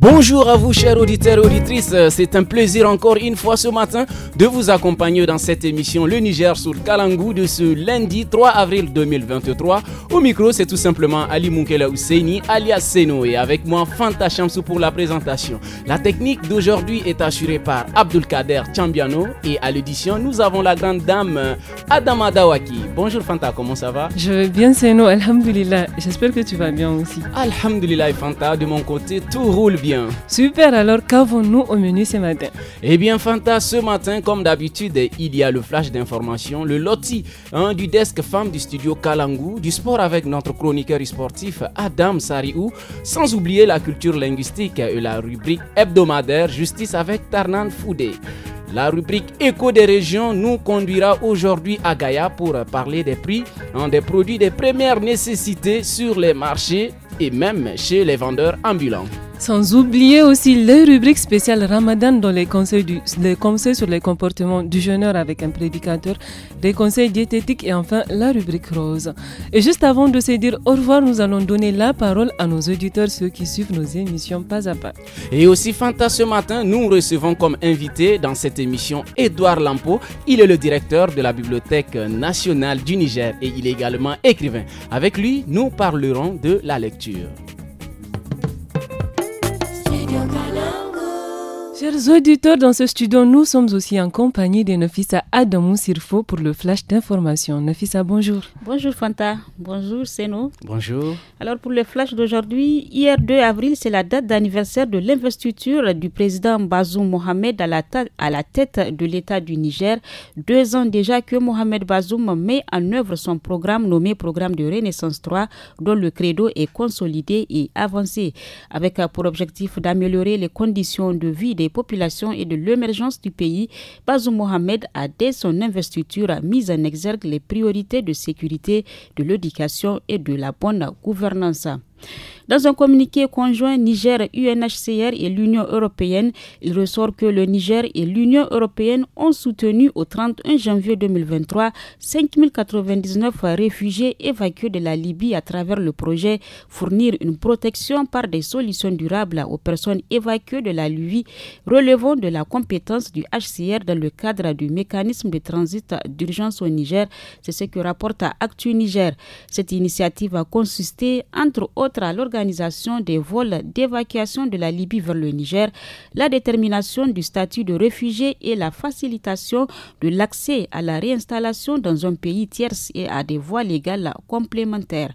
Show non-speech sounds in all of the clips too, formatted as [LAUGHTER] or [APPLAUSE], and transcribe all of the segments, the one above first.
Bo- Bonjour à vous, chers auditeurs et auditrices. C'est un plaisir encore une fois ce matin de vous accompagner dans cette émission Le Niger sur Kalangou de ce lundi 3 avril 2023. Au micro, c'est tout simplement Ali Moukela Ousseini, alias Seno, et avec moi, Fanta Chamsou pour la présentation. La technique d'aujourd'hui est assurée par Kader Chambiano et à l'édition, nous avons la grande dame Adama Dawaki. Bonjour Fanta, comment ça va Je vais bien, Seno, Alhamdulillah. J'espère que tu vas bien aussi. Alhamdulillah, Fanta, de mon côté, tout roule bien. Super, alors qu'avons-nous au menu ce matin Eh bien, Fanta, ce matin, comme d'habitude, il y a le flash d'information, le loti hein, du desk femme du studio Kalangu, du sport avec notre chroniqueur sportif Adam Sariou, sans oublier la culture linguistique et la rubrique hebdomadaire Justice avec Tarnan Foudé. La rubrique Écho des régions nous conduira aujourd'hui à Gaïa pour parler des prix hein, des produits des premières nécessités sur les marchés et même chez les vendeurs ambulants. Sans oublier aussi les rubriques spéciales Ramadan dans les conseils, sur les comportements du jeûneur avec un prédicateur, des conseils diététiques et enfin la rubrique rose. Et juste avant de se dire au revoir, nous allons donner la parole à nos auditeurs, ceux qui suivent nos émissions pas à pas. Et aussi, Fanta, ce matin, nous recevons comme invité dans cette émission Édouard Lampo. Il est le directeur de la Bibliothèque nationale du Niger et il est également écrivain. Avec lui, nous parlerons de la lecture. Chers auditeurs, dans ce studio, nous sommes aussi en compagnie de Nafissa Adamou Sirfo pour le flash d'information. Nafissa, bonjour. Bonjour Fanta, bonjour Seno. Bonjour. Alors pour le flash d'aujourd'hui, hier 2 avril, c'est la date d'anniversaire de l'investiture du président Bazoum Mohamed à la, à la tête de l'État du Niger. Deux ans déjà que Mohamed Bazoum met en œuvre son programme nommé Programme de Renaissance 3, dont le credo est consolidé et avancé, avec euh, pour objectif d'améliorer les conditions de vie des populations et de l'émergence du pays, Bazo Mohamed a dès son investiture mis en exergue les priorités de sécurité, de l'éducation et de la bonne gouvernance. Dans un communiqué conjoint Niger-UNHCR et l'Union européenne, il ressort que le Niger et l'Union européenne ont soutenu au 31 janvier 2023 5099 réfugiés évacués de la Libye à travers le projet Fournir une protection par des solutions durables aux personnes évacuées de la Libye relevant de la compétence du HCR dans le cadre du mécanisme de transit d'urgence au Niger. C'est ce que rapporte Actu Niger. Cette initiative a consisté, entre autres, à l'organisation des vols d'évacuation de la Libye vers le Niger, la détermination du statut de réfugié et la facilitation de l'accès à la réinstallation dans un pays tierce et à des voies légales complémentaires.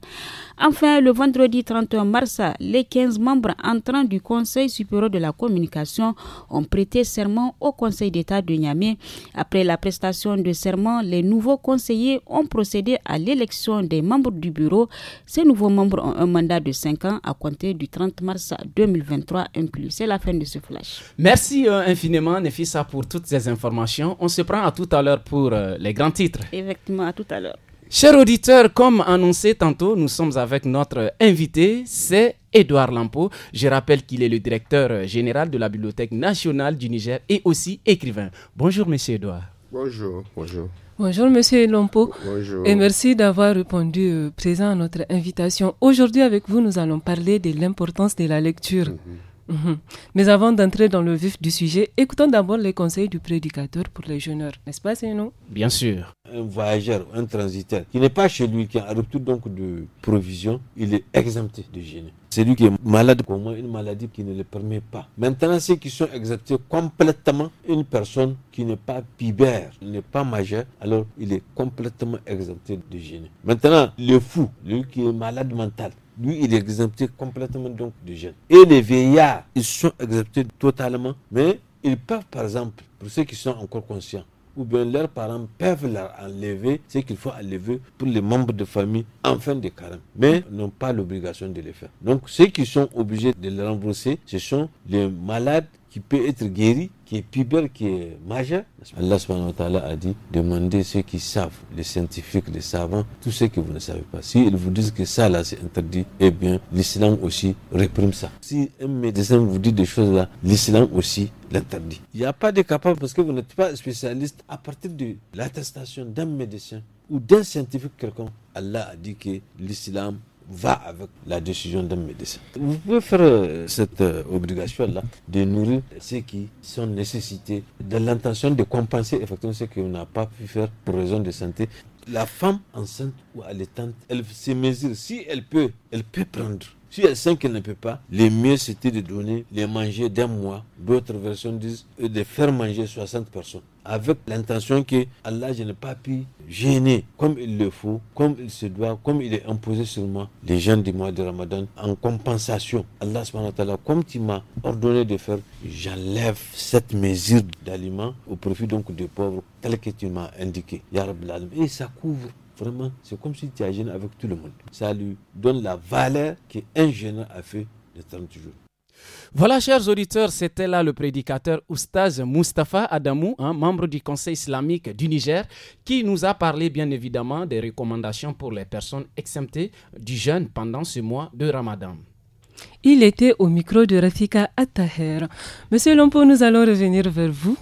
Enfin, le vendredi 31 mars, les 15 membres entrants du Conseil supérieur de la communication ont prêté serment au Conseil d'État de Niamey. Après la prestation de serment, les nouveaux conseillers ont procédé à l'élection des membres du bureau. Ces nouveaux membres ont un mandat de 5 ans à compter du 30 mars 2023 inclus. C'est la fin de ce flash. Merci euh, infiniment, Nefissa, pour toutes ces informations. On se prend à tout à l'heure pour euh, les grands titres. Effectivement, à tout à l'heure. Chers auditeurs, comme annoncé tantôt, nous sommes avec notre invité, c'est Edouard Lampo. Je rappelle qu'il est le directeur général de la Bibliothèque nationale du Niger et aussi écrivain. Bonjour, monsieur Édouard. Bonjour, bonjour. Bonjour Monsieur Lampo. Bonjour. Et merci d'avoir répondu euh, présent à notre invitation. Aujourd'hui avec vous, nous allons parler de l'importance de la lecture. Mhm. Mhm. Mais avant d'entrer dans le vif du sujet, écoutons d'abord les conseils du prédicateur pour les jeûneurs, n'est-ce pas, Sénon Bien sûr. Un voyageur, un transitaire, qui n'est pas chez lui, qui a un retour donc de provision, il est exempté de C'est Celui qui est malade, moi, une maladie qui ne le permet pas. Maintenant, ceux qui sont exemptés complètement, une personne qui n'est pas pibère, n'est pas majeur, alors il est complètement exempté de jeûner. Maintenant, le fou, lui qui est malade mental, lui, il est exempté complètement donc du jeûne. Et les vieillards, ils sont exemptés totalement, mais ils peuvent, par exemple, pour ceux qui sont encore conscients, ou bien leurs parents peuvent leur enlever ce qu'il faut enlever pour les membres de famille en fin de carême, mais n'ont pas l'obligation de le faire. Donc, ceux qui sont obligés de le rembourser, ce sont les malades qui peut être guéri, qui est puber, qui est majeur. Allah subhanahu wa ta'ala a dit, demandez ceux qui savent, les scientifiques, les savants, tous ceux que vous ne savez pas. Si ils vous disent que ça là c'est interdit, eh bien l'islam aussi réprime ça. Si un médecin vous dit des choses là, l'islam aussi l'interdit. Il n'y a pas de capable parce que vous n'êtes pas spécialiste. À partir de l'attestation d'un médecin ou d'un scientifique quelconque, Allah a dit que l'islam va avec la décision d'un médecin. Vous pouvez faire euh, cette euh, obligation-là de nourrir ceux qui sont nécessités dans l'intention de compenser effectivement ce qu'on n'a pas pu faire pour raison de santé. La femme enceinte ou allaitante, elle se mesure. Si elle peut, elle peut prendre si elle sent qu'elle ne peut pas, le mieux c'était de donner les manger d'un mois. D'autres versions disent de faire manger 60 personnes avec l'intention que Allah, je n'ai pas pu gêner comme il le faut, comme il se doit, comme il est imposé sur moi, les gens du mois de Ramadan, en compensation. Allah, comme tu m'as ordonné de faire, j'enlève cette mesure d'aliments au profit donc des pauvres, tel que tu m'as indiqué. Et ça couvre Vraiment, c'est comme si tu as avec tout le monde. Ça lui donne la valeur qu'un jeune a fait de 30 jours. Voilà, chers auditeurs, c'était là le prédicateur Oustaz Mustafa Adamou, un hein, membre du Conseil islamique du Niger, qui nous a parlé bien évidemment des recommandations pour les personnes exemptées du jeûne pendant ce mois de Ramadan. Il était au micro de Rafika Attaher. Monsieur Lompo, nous allons revenir vers vous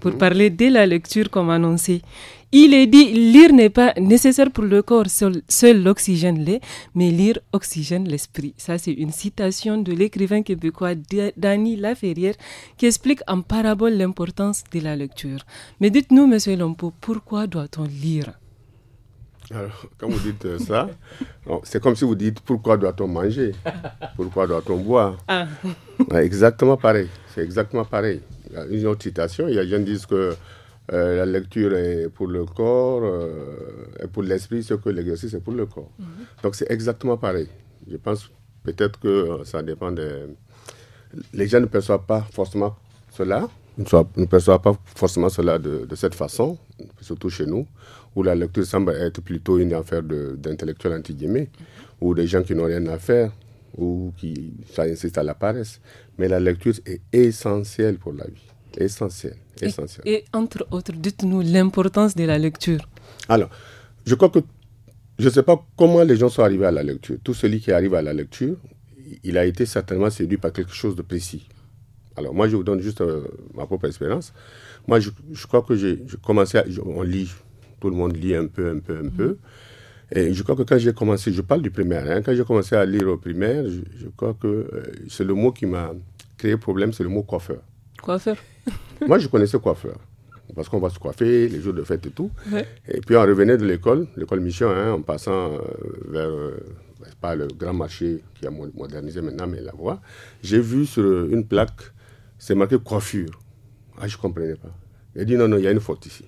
pour mhm. parler dès la lecture comme annoncé. Il est dit, lire n'est pas nécessaire pour le corps, seul, l'oxygène l'est, mais lire oxygène l'esprit. Ça, c'est une citation de l'écrivain québécois Dany Laferrière qui explique en parabole l'importance de la lecture. Mais dites-nous, monsieur Lompo, pourquoi doit-on lire alors, quand vous dites euh, ça, c'est comme si vous dites pourquoi doit-on manger Pourquoi doit-on boire ah. Exactement pareil. C'est exactement pareil. une autre citation. Il y a des gens qui disent que euh, la lecture est pour le corps, euh, et pour l'esprit, ce que l'exercice est pour le corps. Mhm. Donc c'est exactement pareil. Je pense peut-être que euh, ça dépend des... Les gens ne perçoivent pas forcément cela, ne perçoivent pas forcément cela de, cette façon, surtout chez nous, où la lecture semble être plutôt une affaire d'intellectuels anti mhm. ou des gens qui n'ont rien à faire, ou qui, ça insiste à la paresse. Mais la lecture est essentielle pour la vie. Essentiel, essentiel. Et, entre autres, dites-nous l'importance de la lecture. Alors, je crois que je ne sais pas comment les gens sont arrivés à la lecture. Tout celui qui arrive à la lecture, il a été certainement séduit par quelque chose de précis. Alors moi, je vous donne juste euh, ma propre expérience. Moi, je, crois que j'ai commencé, à, on lit, tout le monde lit un peu, un peu, un peu. Mm-hmm. Et je crois que quand j'ai commencé, je parle du primaire, hein, quand j'ai commencé à lire au primaire, je, crois que euh, c'est le mot qui m'a créé problème, c'est le mot coiffeur. Coiffeur [LAUGHS] Moi, je connaissais coiffeur. Parce qu'on va se coiffer les jours de fête et tout. Et puis, on revenait de l'école, l'école Mission, hein, en passant euh, vers euh, ben, pas le grand marché qui a modernisé maintenant, mais la voie. J'ai vu sur euh, une plaque, c'est marqué coiffure. Ah, je ne comprenais pas. J'ai dit non, non, il y a une faute ici.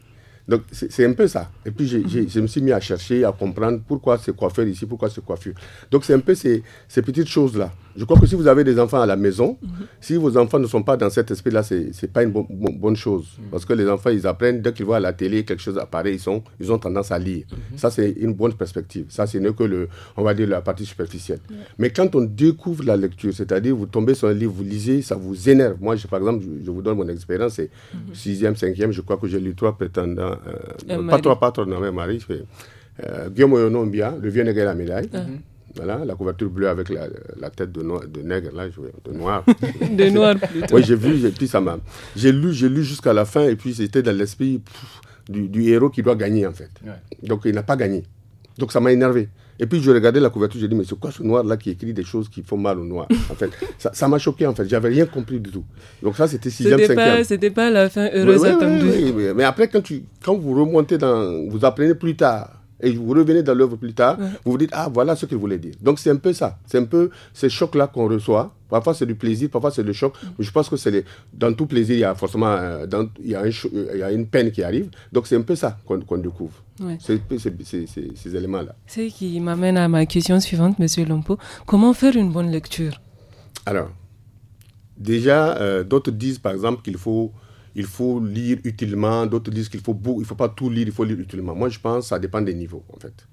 Donc, c'est un peu ça. Et puis, je me suis mis à chercher, à comprendre pourquoi c'est coiffeur ici, pourquoi c'est coiffure. Donc, c'est un peu ces petites choses-là. Je crois que si vous avez des enfants à la maison, si vos enfants ne sont pas dans cet esprit-là, ce n'est pas une bonne chose. Mm-hmm. Parce que les enfants, ils apprennent, dès qu'ils voient à la télé quelque chose apparaît, ils, sont, ils ont tendance à lire. Mm-hmm. Ça, c'est une bonne perspective. Ça, c'est que le, on va dire, la partie superficielle. Mais quand on découvre la lecture, c'est-à-dire vous tombez sur un livre, vous lisez, ça vous énerve. Moi, par exemple, je, vous donne mon expérience, c'est 6e, mm-hmm. 5e, je crois que j'ai lu trois prétendants. Euh, euh, pas trois, pas trois, non, mais Marie. Euh, Guillaume Oyonombia, « le vieux et la médaille. Voilà, la couverture bleue avec la, la tête de, de, nègre, là, je, de noir. [LAUGHS] de noir plutôt. Oui, j'ai vu, et puis ça m'a. J'ai lu, j'ai lu jusqu'à la fin, et puis c'était dans l'esprit du, héros qui doit gagner, en fait. Donc il n'a pas gagné. Donc ça m'a énervé. Et puis je regardais la couverture, j'ai dit, mais c'est quoi ce noir-là qui écrit des choses qui font mal au noir [LAUGHS] En fait, ça m'a choqué, en fait. J'avais rien compris du tout. Donc ça, c'était 6e, 5 C'était pas la fin heureuse mais après, quand, tu, quand vous remontez dans. Vous apprenez plus tard et vous revenez dans l'œuvre plus tard, vous vous dites, ah, voilà ce qu'il voulait dire. Donc c'est un peu ça, c'est un peu ces chocs-là qu'on reçoit. Parfois c'est du plaisir, parfois c'est du choc. Mm. Je pense que c'est les... dans tout plaisir, il y a forcément euh, il, y a euh, il y a une peine qui arrive. Donc c'est un peu ça qu'on découvre. ces éléments-là. Ce qui m'amène à ma question suivante, Monsieur Lompo. Comment faire une bonne lecture Alors, déjà, euh, d'autres disent par exemple qu'il faut il faut lire utilement, d'autres disent qu'il faut il faut pas tout lire, il faut lire utilement. Moi, je pense que ça dépend des niveaux, en fait.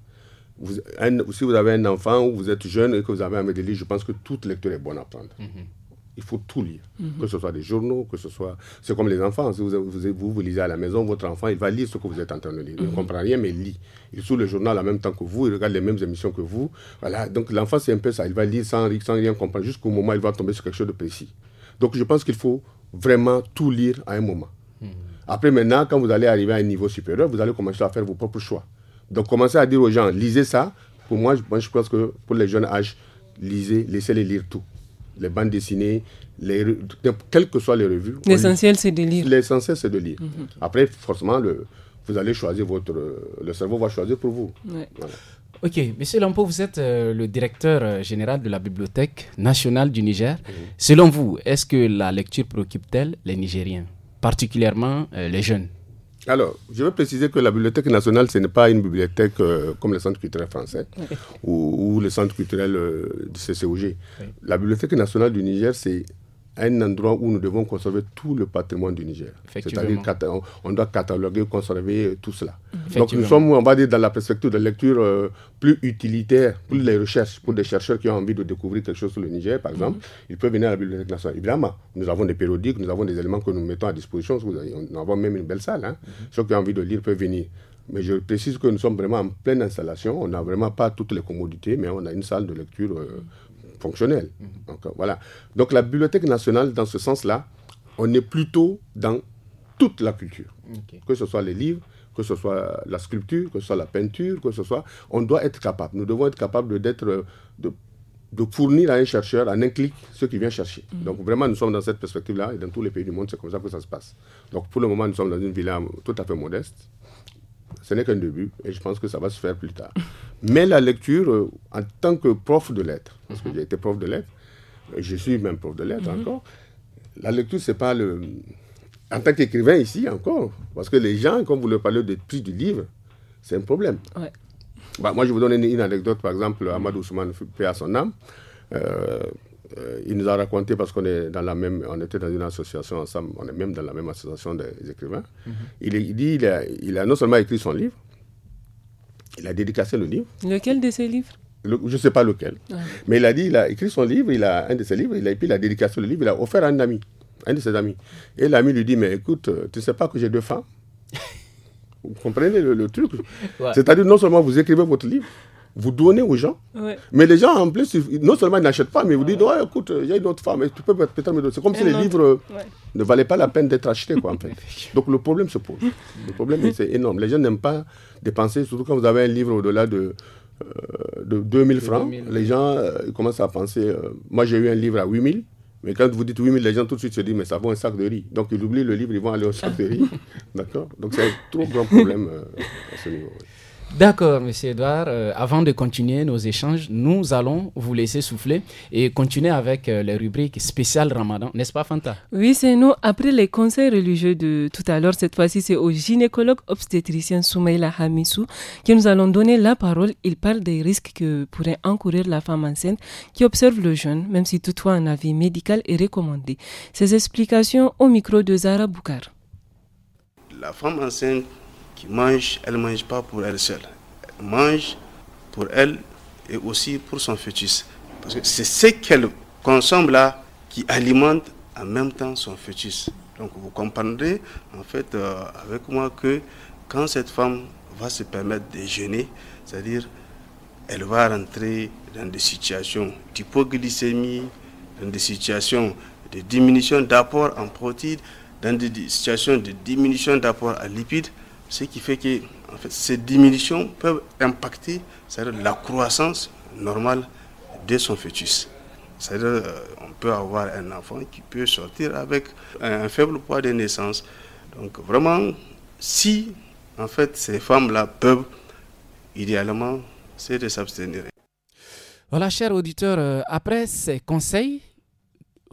si vous avez un enfant ou vous êtes jeune et que vous avez un de lire, je pense que toute lecture est bonne à prendre. Mm-hmm. Il faut tout lire, mm-hmm. que ce soit des journaux, que ce soit. C'est comme les enfants. Si vous vous, lisez à la maison, votre enfant, il va lire ce que vous êtes en train de lire. Il ne mm-hmm. comprend rien, mais il lit. Il sous le journal en même temps que vous, il regarde les mêmes émissions que vous. Voilà. Donc l'enfant, c'est un peu ça. Il va lire sans, sans rien comprendre jusqu'au moment où il va tomber sur quelque chose de précis. Donc je pense qu'il faut vraiment tout lire à un moment. Après, maintenant, quand vous allez arriver à un niveau supérieur, vous allez commencer à faire vos propres choix. Donc, commencez à dire aux gens, lisez ça. Pour moi, je pense que pour les jeunes âges, lisez, laissez-les lire tout. Les bandes dessinées, les, quelles que soient les revues. L'essentiel, c'est de lire. L'essentiel, c'est de lire. Mhm. Après, forcément, le, vous allez choisir votre. Le cerveau va choisir pour vous. Ouais. Ok, Monsieur Lampo, vous êtes euh, le directeur euh, général de la Bibliothèque nationale du Niger. Mhm. Selon vous, est-ce que la lecture préoccupe-t-elle les Nigériens, particulièrement euh, les jeunes alors, je veux préciser que la Bibliothèque nationale, ce n'est pas une bibliothèque comme le Centre culturel français ou, le Centre culturel du CCOG. La Bibliothèque nationale du Niger, c'est un endroit où nous devons conserver tout le patrimoine du Niger. C'est-à-dire qu'on doit cataloguer, conserver tout cela. Mmh. Donc nous sommes, on va dire, dans la perspective de lecture euh, plus utilitaire pour les mmh. recherches, pour des chercheurs qui ont envie de découvrir quelque chose sur le Niger, par mmh. exemple, ils peuvent venir à la Bibliothèque nationale. Évidemment, nous avons des périodiques, nous avons des éléments que nous mettons à disposition. Nous avons même une belle salle. Hein. Ceux qui ont envie de lire peuvent venir. Mais je précise que nous sommes vraiment en pleine installation. On n'a vraiment pas toutes les commodités, mais on a une salle de lecture euh, fonctionnel. Mhm. Donc, euh, voilà. Donc la Bibliothèque nationale, dans ce sens-là, on est plutôt dans toute la culture. Que ce soit les livres, que ce soit la sculpture, que ce soit la peinture, que ce soit... On doit être capable. Nous devons être capables d'être... Euh, de, fournir à un chercheur, en un clic, ce qu'il vient chercher. Mhm. Donc vraiment, nous sommes dans cette perspective-là, et dans tous les pays du monde, c'est comme ça que ça se passe. Donc pour le moment, nous sommes dans une villa tout à fait modeste, ce n'est qu'un début et je pense que ça va se faire plus tard. Mais la lecture, euh, en tant que prof de lettres, parce que mhm. j'ai été prof de lettres, euh, je suis même prof de lettres mhm. encore, la lecture, c'est pas le. En tant qu'écrivain ici encore, parce que les gens, quand vous le parlez de prix du livre, c'est un problème. Bah, moi, je vous donne une, anecdote, par exemple, Ahmad Ousmane, fait à son âme. Euh, euh, il nous a raconté, parce qu'on est dans la même, on était dans une association ensemble, on est même dans la même association des écrivains. Mhm. il, dit, il a, non seulement écrit son livre, il a dédicacé le livre. Lequel de ses livres je ne sais pas lequel. Ah. Mais il a dit, il a écrit son livre, il a un de ses livres, il a, et puis il a dédicacé le livre, il a offert à un ami, un de ses amis. Et l'ami lui dit, mais écoute, euh, tu ne sais pas que j'ai deux femmes Vous comprenez le, truc C'est-à-dire, non seulement vous écrivez votre livre, vous donnez aux gens. Mais les gens, en plus, non seulement ils n'achètent pas, mais ils vous disent ouais, euh, il y a une autre femme, tu peux peut-être me donner. C'est comme si les livres euh, ne valaient pas la peine d'être achetés, quoi, en fait. [LAUGHS] Donc le problème se pose. Le problème, c'est énorme. Les gens n'aiment pas dépenser, surtout quand vous avez un livre au-delà de, euh, de 2000 francs. Les gens euh, ils commencent à penser. moi, j'ai eu un livre à 8000. Mais quand vous dites 8000, les gens tout de suite se disent, mais ça vaut un sac de riz. Donc ils oublient le livre, ils vont aller au sac de riz. [LAUGHS] D'accord Donc c'est un trop grand problème à ce niveau. D'accord, Monsieur Edouard. Euh, avant de continuer nos échanges, nous allons vous laisser souffler et continuer avec euh, les rubriques spéciales Ramadan, n'est-ce pas, Fanta Oui, c'est nous. Après les conseils religieux de tout à l'heure, cette fois-ci, c'est au gynécologue obstétricien Soumaïla Hamissou qui nous allons donner la parole. Il parle des risques que pourrait encourir la femme enceinte qui observe le jeûne, même si toutefois un avis médical est recommandé. Ces explications au micro de Zara Boukar. La femme enceinte elle ne mange pas pour elle seule. Elle mange pour elle et aussi pour son fœtus. Parce que c'est ce qu'elle consomme là qui alimente en même temps son fœtus. Donc vous comprendrez en fait euh, avec moi que quand cette femme va se permettre de jeûner, c'est-à-dire elle va rentrer dans des situations d'hypoglycémie, dans des situations de diminution d'apport en protéines, dans des situations de diminution d'apport à lipides, ce qui fait que en fait, ces diminutions peuvent impacter la croissance normale de son fœtus. C'est-à-dire euh, on peut avoir un enfant qui peut sortir avec un faible poids de naissance. Donc vraiment, si en fait ces femmes-là peuvent, idéalement, c'est de s'abstenir. Voilà, chers auditeurs, euh, après ces conseils,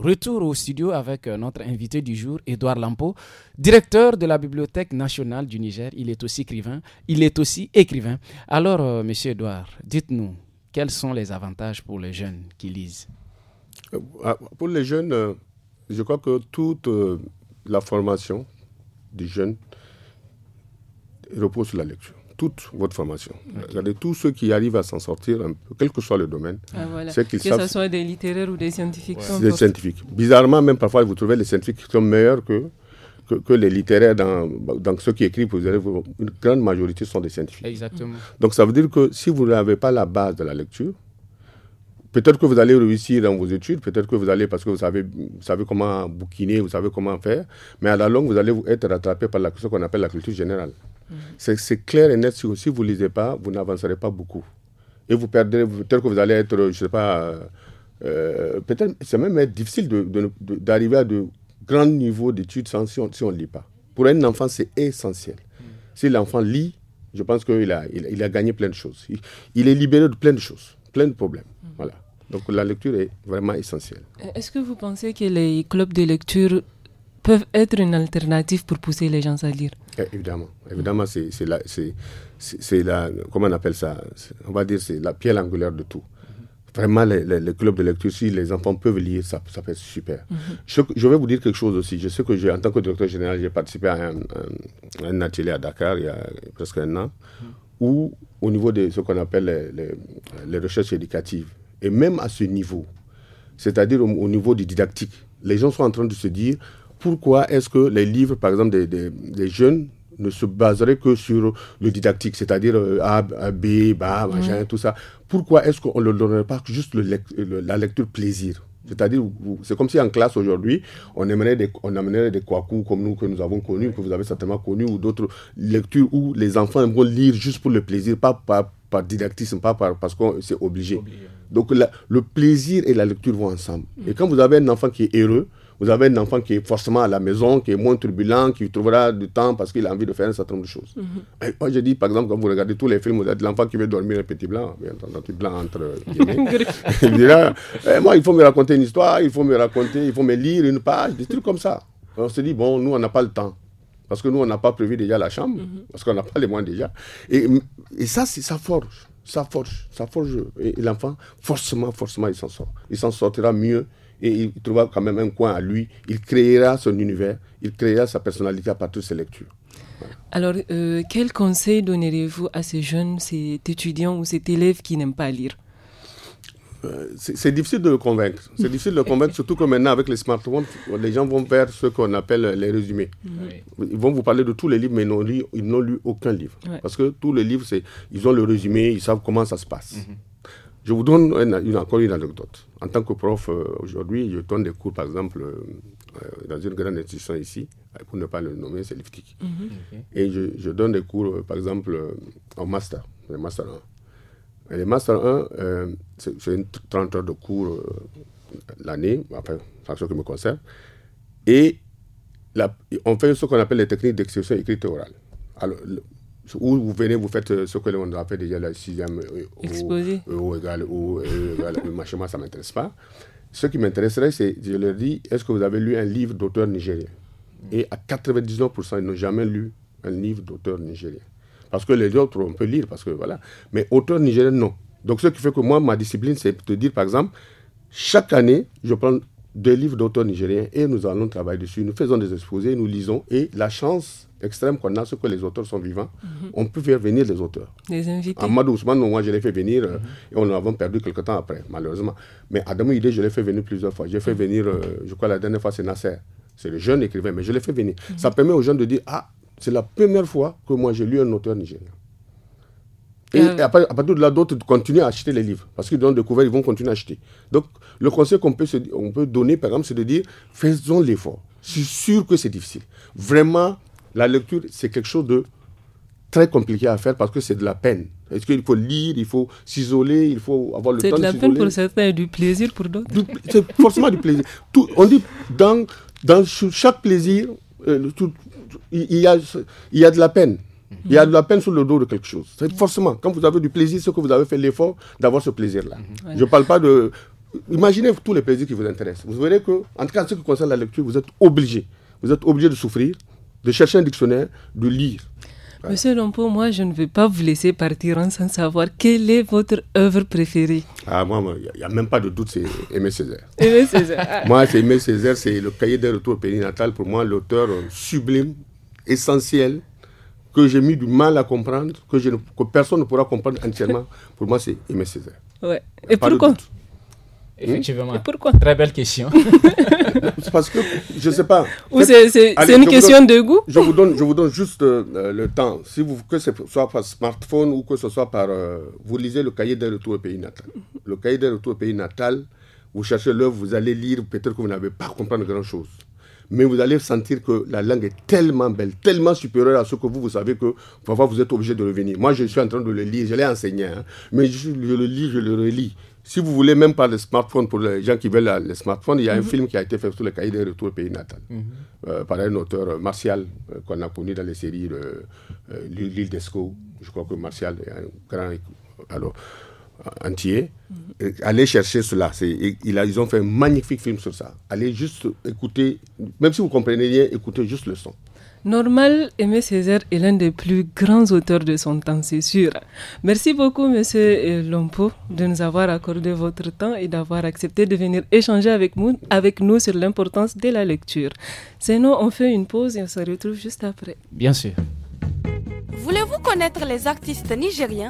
Retour au studio avec euh, notre invité du jour, Édouard Lampo, directeur de la Bibliothèque nationale du Niger. Il est aussi écrivain. Il est aussi écrivain. Alors, euh, Monsieur Édouard, dites-nous quels sont les avantages pour les jeunes qui lisent euh, ah, Pour les jeunes, je crois que toute la formation des jeunes repose sur la lecture toute votre formation. Euh, Regardez tous ceux qui arrivent à s'en sortir, quel que soit le domaine. Ah, que ce soit des littéraires ou des scientifiques. Des scientifiques. Bizarrement, même parfois, vous trouvez les scientifiques qui sont meilleurs que, que, les littéraires dans, dans, ceux qui écrivent. Vous avez, une grande majorité sont des scientifiques. Exactement. Donc ça veut dire que si vous n'avez pas la base de la lecture, peut-être que vous allez réussir dans vos études, peut-être que vous allez, parce que vous savez, savez comment bouquiner, vous savez comment faire, mais à la longue, vous allez être rattrapé par la, ce qu'on appelle la culture générale. Mhm. C'est clair et net, si, vous ne lisez pas, vous n'avancerez pas beaucoup. Et vous perdrez, peut-être que vous allez être, je ne sais pas, euh, euh, peut-être, c'est même difficile d'arriver à de grands niveaux d'études si on ne lit pas. Pour un enfant, c'est essentiel. Mhm. Si l'enfant lit, je pense qu'il a, il, a gagné plein de choses. il est libéré de plein de choses, plein de problèmes. Donc la lecture est vraiment essentielle. Euh, est-ce que vous pensez que les clubs de lecture peuvent être une alternative pour pousser les gens à lire eh, Évidemment. Évidemment, c'est la, la, Comment on appelle ça On va dire c'est la pierre angulaire de tout. Vraiment, les, clubs de lecture, si les enfants peuvent lire, ça, ça peut super. Mhm. je, vais vous dire quelque chose aussi. Je sais que, en tant que directeur général, j'ai participé à un, atelier à Dakar il y a presque un an, mhm. où, au niveau de ce qu'on appelle les, les recherches éducatives, et même à ce niveau, c'est-à-dire au, niveau du didactique, les gens sont en train de se dire pourquoi est-ce que les livres, par exemple, des, jeunes ne se baseraient que sur le didactique, c'est-à-dire euh, A, B, BA, machin, tout ça. Pourquoi est-ce qu'on ne leur donnerait pas juste la lecture plaisir c'est-à-dire, c'est comme si en classe aujourd'hui, on, aimerait des, on amenait des quacous comme nous, que nous avons connus, que vous avez certainement connus, ou d'autres lectures où les enfants vont lire juste pour le plaisir, pas par, didactisme, pas parce qu'on c'est obligé. Donc le plaisir et la lecture vont ensemble. Et quand vous avez un enfant qui est heureux, vous avez un enfant qui est forcément à la maison, qui est moins turbulent, qui trouvera du temps parce qu'il a envie de faire un certain nombre de choses. Mm-hmm. Moi, je dis, par exemple, quand vous regardez tous les films, vous êtes l'enfant qui veut dormir, un petit blanc, un petit blanc entre il [LAUGHS] [LAUGHS] dira, eh, moi, il faut me raconter une histoire, il faut me raconter, il faut me lire une page, des trucs comme ça. on se dit, bon, nous, on n'a pas le temps. Parce que nous, on n'a pas prévu déjà la chambre, mm-hmm. parce qu'on n'a pas les moyens déjà. Et, et ça, ça forge ça forge, ça forge. Et, l'enfant, forcément, forcément, il s'en sort. Il s'en sortira mieux et il trouvera quand même un coin à lui. Il créera son univers, il créera sa personnalité à partir de ses lectures. Alors, euh, quel conseil donneriez-vous à ces jeunes, ces étudiants ou cet élève qui n'aiment pas lire euh, c'est difficile de le convaincre. C'est [LAUGHS] difficile de le convaincre, surtout que maintenant, avec les smartphones, les gens vont faire ce qu'on appelle les résumés. Ils vont vous parler de tous les livres, mais ils n'ont lu, aucun livre. Parce que tous les livres, ils ont le résumé, ils savent comment ça se passe. Mhm. Je vous donne encore une anecdote. En tant que prof, euh, aujourd'hui, je donne des cours, par exemple, euh, dans une grande institution ici, pour ne pas le nommer, c'est l'IFTIC. Mhm. Et je, donne des cours, par exemple, en master, master les master 1, euh, c'est une 30 heures de cours euh, l'année, enfin, ça, ce qui me concerne. Et on fait ce qu'on appelle les techniques d'expression écrite et orale. Alors, où vous venez, vous faites euh, ce que l'on a fait déjà la sixième. Exposé. Ou, égal, ou, machin, ça ne m'intéresse pas. Ce qui m'intéresserait, c'est, je leur dis, est-ce que vous avez lu un livre d'auteur nigérien Et à 99%, ils n'ont jamais lu un livre d'auteur nigérien. Parce que les autres, on peut lire, parce que voilà. Mais auteur nigérien, non. Donc, ce qui fait que moi, ma discipline, c'est de dire, par exemple, chaque année, je prends deux livres d'auteurs nigériens et nous allons travailler dessus. Nous faisons des exposés, nous lisons. Et la chance extrême qu'on a, c'est que les auteurs sont vivants. Mhm. On peut faire venir les auteurs. Les invités. Amadou Ousmane, moi, je l'ai fait venir euh, mhm. et on l'avons perdu quelques temps après, malheureusement. Mais à Idé, je l'ai fait venir plusieurs fois. J'ai fait mhm. venir, euh, je crois, la dernière fois, c'est Nasser. C'est le jeune écrivain, mais je l'ai fait venir. Ça permet aux jeunes de dire, ah, c'est la première fois que moi j'ai lu un auteur nigérian. Et, euh. à partir de là, d'autres continuent à acheter les livres. Parce qu'ils ont découvert, ils vont continuer à acheter. Donc, le conseil qu'on peut, on peut donner, par exemple, c'est de dire faisons l'effort. Je suis sûr que c'est difficile. Vraiment, la lecture, c'est quelque chose de très compliqué à faire parce que c'est de la peine. Est-ce qu'il faut lire, il faut s'isoler, il faut avoir le temps de C'est de la peine pour certains et du plaisir pour d'autres. C'est forcément du plaisir. on dit dans, dans chaque plaisir, euh, il, y a, de la peine. Il y a de la peine sur le dos de quelque chose. Forcément, quand vous avez du plaisir, c'est que vous avez fait l'effort d'avoir ce plaisir-là. Mhm. Je ne parle pas de... Imaginez tous les plaisirs qui vous intéressent. Vous verrez que, en tout cas, en ce qui concerne la lecture, vous êtes obligé. Vous êtes obligé de souffrir, de chercher un dictionnaire, de lire. Monsieur Lompo, moi, je ne vais pas vous laisser partir hein, sans savoir quelle est votre œuvre préférée. Ah, moi, il n'y a même pas de doute, c'est Aimé Césaire. [LAUGHS] Césaire. Ah. moi, c'est Aimé Césaire, c'est le cahier des retours Natal. Pour moi, l'auteur sublime, essentiel, que j'ai mis du mal à comprendre, que, personne ne pourra comprendre entièrement. Pour moi, c'est Aimé Césaire. Ouais. Et pourquoi Effectivement. pourquoi Très belle question. [LAUGHS] parce que, je ne sais pas. c'est une question de goût je vous, donne, je vous donne juste euh, le temps. Si vous, que ce soit par smartphone ou que ce soit par... Euh, vous lisez le cahier des retours au pays natal. Le cahier des retours au pays natal, vous cherchez l'œuvre, vous allez lire, peut-être que vous n'avez pas compris grand-chose. Mais vous allez sentir que la langue est tellement belle, tellement supérieure à ce que vous, vous savez que parfois vous êtes obligé de revenir. Moi, je suis en train de le lire, je l'ai enseigné, hein. mais je le lis, je le relis si vous voulez, même parler le smartphones, pour les gens qui veulent les smartphones, il y a un mhm. film qui a été fait sur le cahier des retours au pays natal, par un auteur euh, martial euh, qu'on a connu dans les séries euh, L'île d'Esco. Je crois que Martial est un grand. Alors, entier. Allez chercher cela. ils ont fait un magnifique film sur ça. Allez juste écouter, même si vous comprenez rien, écoutez juste le son. Normal, Aimé Césaire est l'un des plus grands auteurs de son temps, c'est sûr. Merci beaucoup, Monsieur Lompo, de nous avoir accordé votre temps et d'avoir accepté de venir échanger avec nous, avec nous sur l'importance de la lecture. Sinon, on fait une pause et on se retrouve juste après. Bien sûr. Voulez-vous connaître les artistes nigériens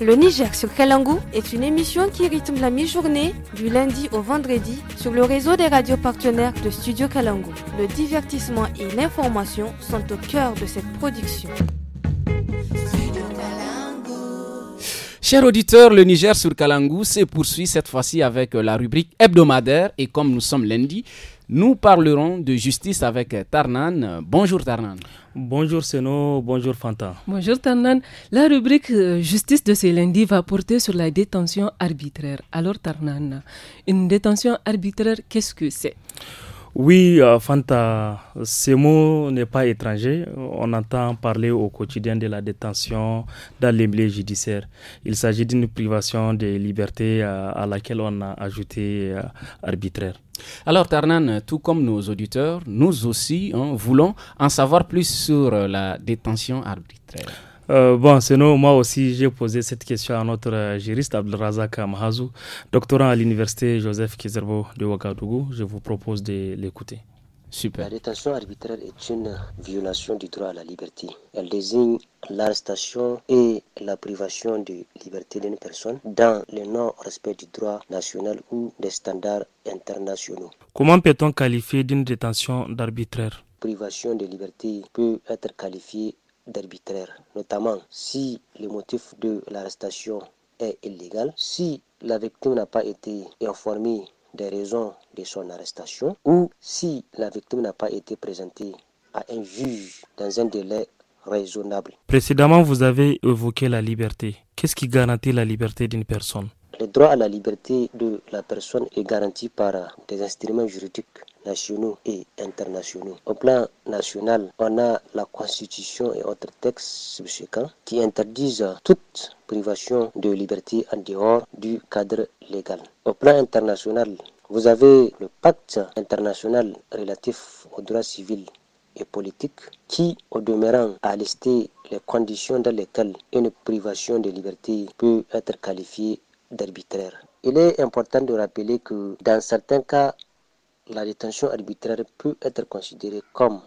Le Niger sur Kalangu est une émission qui rythme la mi-journée du lundi au vendredi sur le réseau des radios partenaires de Studio Kalangu. Le divertissement et l'information sont au cœur de cette production. Chers auditeurs, le Niger sur Kalangou se poursuit cette fois-ci avec la rubrique hebdomadaire et comme nous sommes lundi, nous parlerons de justice avec Tarnan. Bonjour Tarnan. Bonjour Seno, bonjour Fanta. Bonjour Tarnan. La rubrique euh, justice de ce lundi va porter sur la détention arbitraire. Alors Tarnan, une détention arbitraire, qu'est-ce que c'est oui, euh, Fanta, ce mot n'est pas étranger. On entend parler au quotidien de la détention dans les judiciaire. judiciaires. Il s'agit d'une privation des libertés euh, à laquelle on a ajouté arbitraire. Alors Tarnan, tout comme nos auditeurs, nous aussi hein, voulons en savoir plus sur euh, la détention arbitraire. Euh, bon, sinon, moi aussi, j'ai posé cette question à notre euh, juriste Abdelrazak Amhazou, doctorant à l'université Joseph Kizerbo de Ouagadougou. Je vous propose de l'écouter. La détention arbitraire est une violation du droit à la liberté. Elle désigne l'arrestation et la privation de liberté d'une personne dans le non-respect du droit national ou des standards internationaux. Comment peut-on qualifier d'une détention d'arbitraire Privation de liberté peut être qualifiée d'arbitraire, notamment si le motif de l'arrestation est illégal, si la victime n'a pas été informée des raisons de son arrestation ou si la victime n'a pas été présentée à un juge dans un délai raisonnable. Précédemment, vous avez évoqué la liberté. Qu'est-ce qui garantit la liberté d'une personne le droit à la liberté de la personne est garanti par des instruments juridiques nationaux et internationaux. Au plan national, on a la Constitution et autres textes subséquents qui interdisent toute privation de liberté en dehors du cadre légal. Au plan international, vous avez le pacte international relatif aux droits civils et politiques qui, au demeurant, a listé les conditions dans lesquelles une privation de liberté peut être qualifiée il est important de rappeler que dans certains cas, la détention arbitraire peut être considérée comme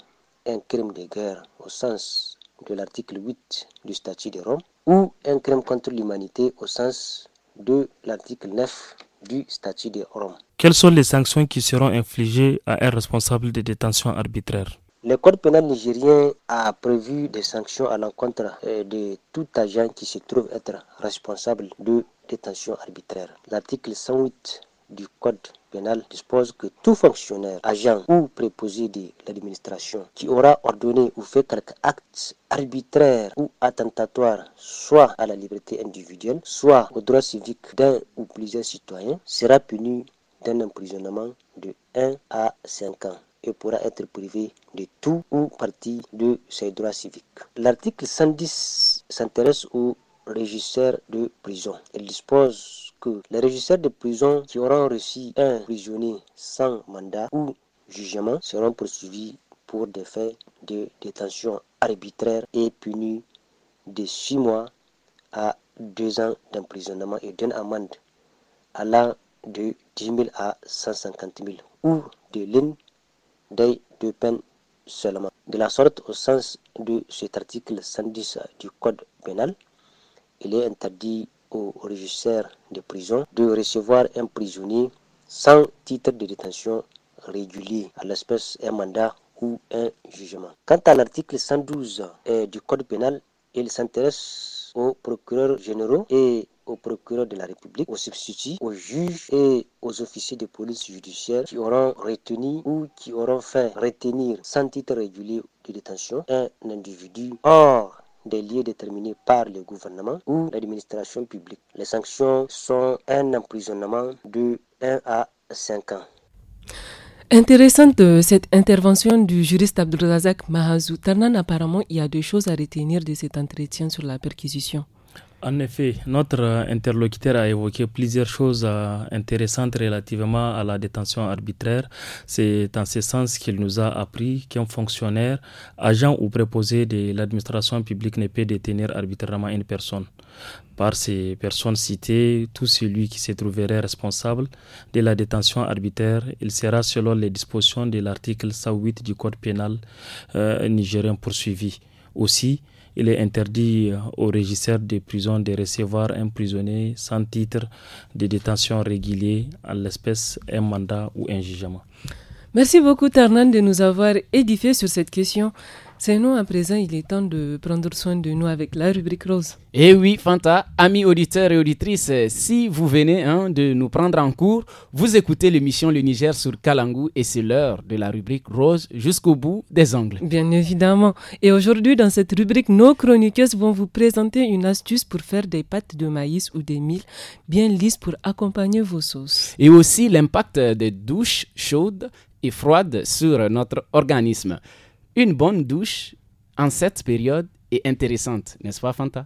un crime de guerre au sens de l'article 8 du statut de Rome ou un crime contre l'humanité au sens de l'article 9 du statut de Rome. Quelles sont les sanctions qui seront infligées à un responsable de détention arbitraire le code pénal nigérien a prévu des sanctions à l'encontre euh, de tout agent qui se trouve être responsable de détention arbitraire. L'article 108 du code pénal dispose que tout fonctionnaire, agent ou préposé de l'administration qui aura ordonné ou fait quelque acte arbitraire ou attentatoire soit à la liberté individuelle, soit au droit civique d'un ou plusieurs citoyens sera puni d'un emprisonnement de 1 à 5 ans pourra être privé de tout ou partie de ses droits civiques. L'article 110 s'intéresse au registre de prison. Il dispose que les registres de prison qui auront reçu un prisonnier sans mandat ou jugement seront poursuivis pour des faits de détention arbitraire et punis de 6 mois à 2 ans d'emprisonnement et d'une amende allant de 10 000 à 150 000 ou de l'une de peine seulement. De la sorte, au sens de cet article 110 du Code pénal, il est interdit au régisseur de prison de recevoir un prisonnier sans titre de détention régulier, à l'espèce un mandat ou un jugement. Quant à l'article 112 euh, du Code pénal, il s'intéresse aux procureurs généraux et au procureur de la République, aux substituts, aux juges et aux officiers de police judiciaire qui auront retenu ou qui auront fait retenir sans titre régulier de détention un individu hors des lieux déterminés par le gouvernement ou l'administration publique. Les sanctions sont un emprisonnement de 1 à 5 ans. Intéressante cette intervention du juriste Abdulrazak Mahazou. Tarnan, apparemment, il y a deux choses à retenir de cet entretien sur la perquisition. En effet, notre euh, interlocuteur a évoqué plusieurs choses euh, intéressantes relativement à la détention arbitraire. C'est en ce sens qu'il nous a appris qu'un fonctionnaire, agent ou préposé de l'administration publique ne peut détenir arbitrairement une personne. Par ces personnes citées, tout celui qui se trouverait responsable de la détention arbitraire, il sera selon les dispositions de l'article 108 du Code pénal euh, nigérien poursuivi. Aussi, il est interdit euh, aux régisseurs des prisons de recevoir un prisonnier sans titre de détention régulier, à l'espèce un mandat ou un jugement. Merci beaucoup, Tarnan, de nous avoir édifié sur cette question. C'est nous, à présent, il est temps de prendre soin de nous avec la rubrique rose. Et eh oui, Fanta, amis auditeurs et auditrices, si vous venez hein, de nous prendre en cours, vous écoutez l'émission Le Niger sur Kalangou et c'est l'heure de la rubrique rose jusqu'au bout des ongles. Bien évidemment. Et aujourd'hui, dans cette rubrique, nos chroniqueuses vont vous présenter une astuce pour faire des pâtes de maïs ou des milles bien lisses pour accompagner vos sauces. Et aussi l'impact des douches chaudes et froides sur notre organisme une bonne douche en cette période est intéressante, n'est-ce pas Fanta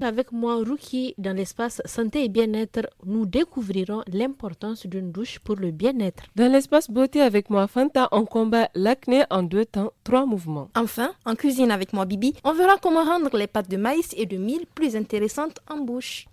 Avec moi, Ruki, dans l'espace santé et bien-être, nous découvrirons l'importance d'une douche pour le bien-être. Dans l'espace beauté avec moi, Fanta, on combat l'acné en deux temps, trois mouvements. Enfin, en cuisine avec moi, Bibi, on verra comment rendre les pâtes de maïs et de mil plus intéressantes en bouche.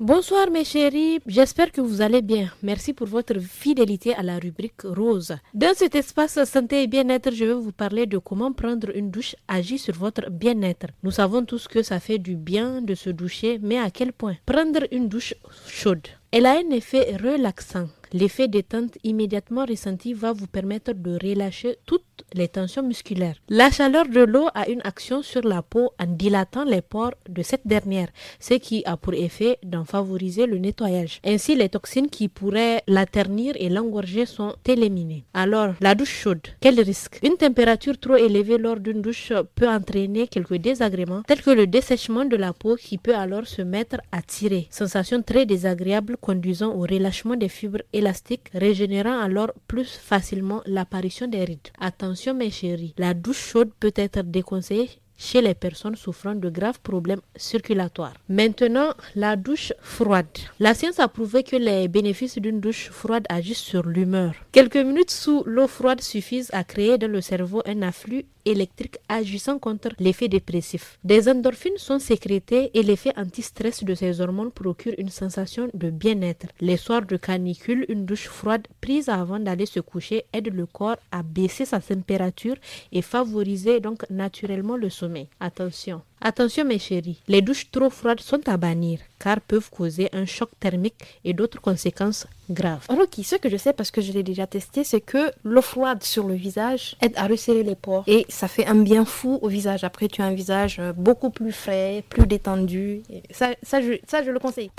Bonsoir mes chéris, j'espère que vous allez bien. Merci pour votre fidélité à la rubrique rose. Dans cet espace santé et bien-être, je vais vous parler de comment prendre une douche agit sur votre bien-être. Nous savons tous que ça fait du bien de se doucher, mais à quel point Prendre une douche chaude. Elle a un effet relaxant. L'effet détente immédiatement ressenti va vous permettre de relâcher toute les tensions musculaires. La chaleur de l'eau a une action sur la peau en dilatant les pores de cette dernière, ce qui a pour effet d'en favoriser le nettoyage. Ainsi, les toxines qui pourraient la ternir et l'engorger sont éliminées. Alors, la douche chaude, quel risque Une température trop élevée lors d'une douche peut entraîner quelques désagréments tels que le dessèchement de la peau qui peut alors se mettre à tirer. Sensation très désagréable conduisant au relâchement des fibres élastiques, régénérant alors plus facilement l'apparition des rides. Attention mes la douche chaude peut être déconseillée chez les personnes souffrant de graves problèmes circulatoires. Maintenant, la douche froide. La science a prouvé que les bénéfices d'une douche froide agissent sur l'humeur. Quelques minutes sous l'eau froide suffisent à créer dans le cerveau un afflux Électrique agissant contre l'effet dépressif. Des endorphines sont sécrétées et l'effet anti-stress de ces hormones procure une sensation de bien-être. Les soirs de canicule, une douche froide prise avant d'aller se coucher aide le corps à baisser sa température et favoriser donc naturellement le sommeil. Attention, Attention mes chéris, les douches trop froides sont à bannir car peuvent causer un choc thermique et d'autres conséquences graves. Rocky, ce que je sais parce que je l'ai déjà testé, c'est que l'eau froide sur le visage aide à resserrer les pores et ça fait un bien fou au visage. Après, tu as un visage euh, beaucoup plus frais, plus détendu. ça, ça, je, le conseille.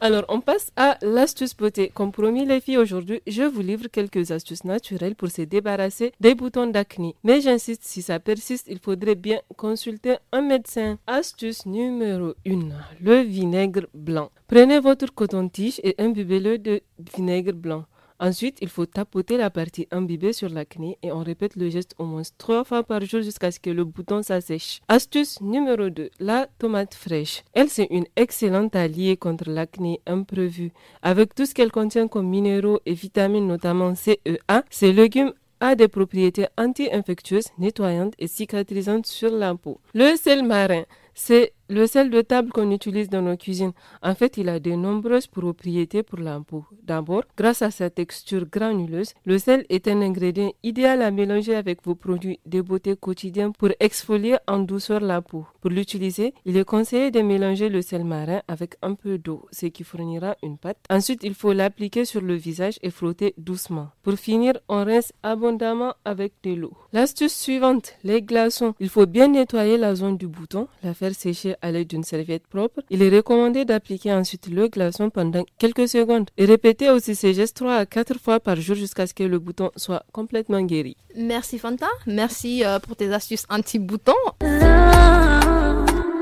Alors, on passe à l'astuce beauté. Comme promis, les filles, aujourd'hui, je vous livre quelques astuces naturelles pour se débarrasser des boutons d'acné. Mais j'insiste, si ça persiste, il faudrait bien consulter un médecin. Astuce numéro 1. Le vinaigre blanc. Prenez votre coton-tige et imbibez-le de vinaigre blanc. Ensuite, il faut tapoter la partie imbibée sur l'acné et on répète le geste au moins trois fois par jour jusqu'à ce que le bouton s'assèche. Astuce numéro 2, la tomate fraîche. Elle, c'est une excellente alliée contre l'acné imprévu. Avec tout ce qu'elle contient comme minéraux et vitamines, notamment CEA, ces légumes a des propriétés anti-infectieuses, nettoyantes et cicatrisantes sur la peau. Le sel marin, c'est le sel de table qu'on utilise dans nos cuisines, en fait, il a de nombreuses propriétés pour la peau. D'abord, grâce à sa texture granuleuse, le sel est un ingrédient idéal à mélanger avec vos produits de beauté quotidien pour exfolier en douceur la peau. Pour l'utiliser, il est conseillé de mélanger le sel marin avec un peu d'eau, ce qui fournira une pâte. Ensuite, il faut l'appliquer sur le visage et frotter doucement. Pour finir, on rince abondamment avec de l'eau. L'astuce suivante, les glaçons. Il faut bien nettoyer la zone du bouton, la faire sécher à l'aide d'une serviette propre, il est recommandé d'appliquer ensuite le glaçon pendant quelques secondes et répéter aussi ces gestes 3 à 4 fois par jour jusqu'à ce que le bouton soit complètement guéri. Merci Fanta, merci euh, pour tes astuces anti-bouton.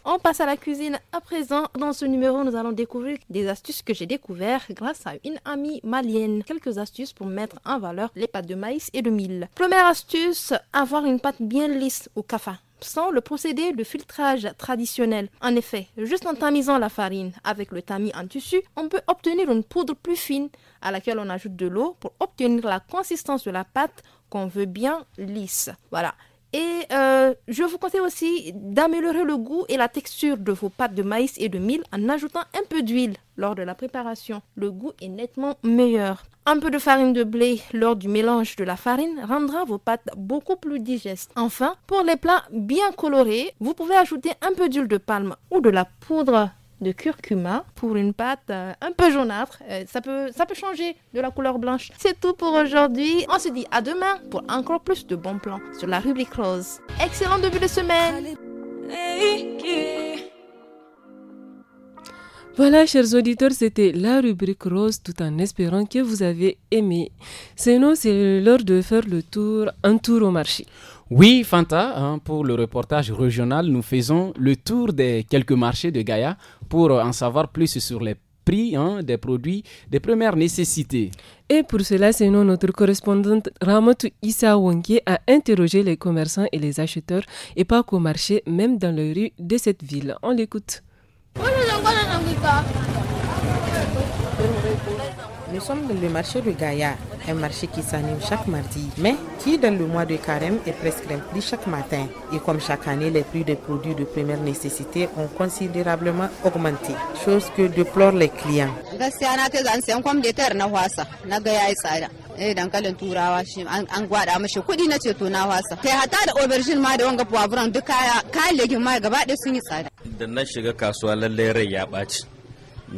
On passe à la cuisine à présent. Dans ce numéro, nous allons découvrir des astuces que j'ai découvertes grâce à une amie malienne. Quelques astuces pour mettre en valeur les pâtes de maïs et de mil. Première astuce, avoir une pâte bien lisse au café sans le procédé de filtrage traditionnel. En effet, juste en tamisant la farine avec le tamis en tissu, on peut obtenir une poudre plus fine à laquelle on ajoute de l'eau pour obtenir la consistance de la pâte qu'on veut bien lisse. Voilà. Et euh, je vous conseille aussi d'améliorer le goût et la texture de vos pâtes de maïs et de mil en ajoutant un peu d'huile lors de la préparation. Le goût est nettement meilleur. Un peu de farine de blé lors du mélange de la farine rendra vos pâtes beaucoup plus digestes. Enfin, pour les plats bien colorés, vous pouvez ajouter un peu d'huile de palme ou de la poudre de curcuma pour une pâte euh, un peu jaunâtre. Euh, ça, peut, ça peut changer de la couleur blanche. C'est tout pour aujourd'hui. On se dit à demain pour encore plus de bons plans sur la rubrique rose. Excellent début de semaine. Voilà, chers auditeurs, c'était la rubrique rose tout en espérant que vous avez aimé. Sinon, c'est l'heure de faire le tour, un tour au marché. Oui, Fanta, hein, pour le reportage régional, nous faisons le tour des quelques marchés de Gaïa pour en savoir plus sur les prix hein, des produits des premières nécessités. Et pour cela, c'est nous, notre correspondante Ramot Issa qui a interrogé les commerçants et les acheteurs, et pas qu'au marché, même dans les rues de cette ville. On l'écoute. Nous sommes dans le marché de Gaïa, un marché qui s'anime chaque mardi, mais qui dans le mois de carême est presque rempli chaque matin. Et comme chaque année, les prix des produits de première nécessité ont considérablement augmenté, chose que déplorent les clients. eh dankalin turawa shi an gwada mashi kuɗi na ceto na wasa kai hata da aubergine ma da wanga poivron duk kaya kayan legin ma gaba ɗaya sun yi tsada que na shiga kasuwa lallai rai ya ɓaci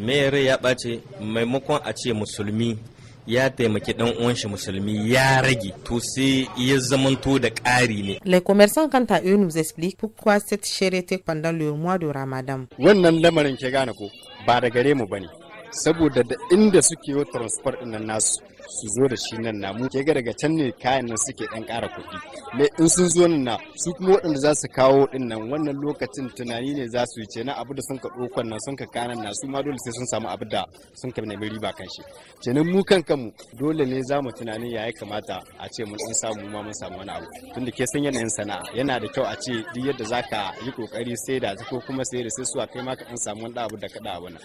mere ya ɓace maimakon a ce musulmi ya taimaki dan uwan shi musulmi ya rage to sai ya zamanto da ƙari ne. Les commerçants quant à eux nous explique pourquoi cette charité pendant le mois de Ramadan. Wannan lamarin ke gane ko ba da gare mu bane saboda da inda suke yo transport din nan nasu su zo da shi nan namu ke ga daga can ne kayan nan suke dan ƙara kuɗi me in sun zo nan su kuma waɗanda za su kawo din nan wannan lokacin tunani ne za su yi ce na abu da sun ka ɗaukan nan sun ka kanan na su ma dole sai sun samu abu da sun ka nemi riba kan shi nan mu kan kanmu dole ne za mu tunanin ya kamata a ce mun samu ma mun samu wani abu tunda ke san yanayin sana'a yana da kyau a ce duk yadda za ka yi kokari sai da ko kuma sai da sai su kai ma ka dan samu wani abu da ka abu na.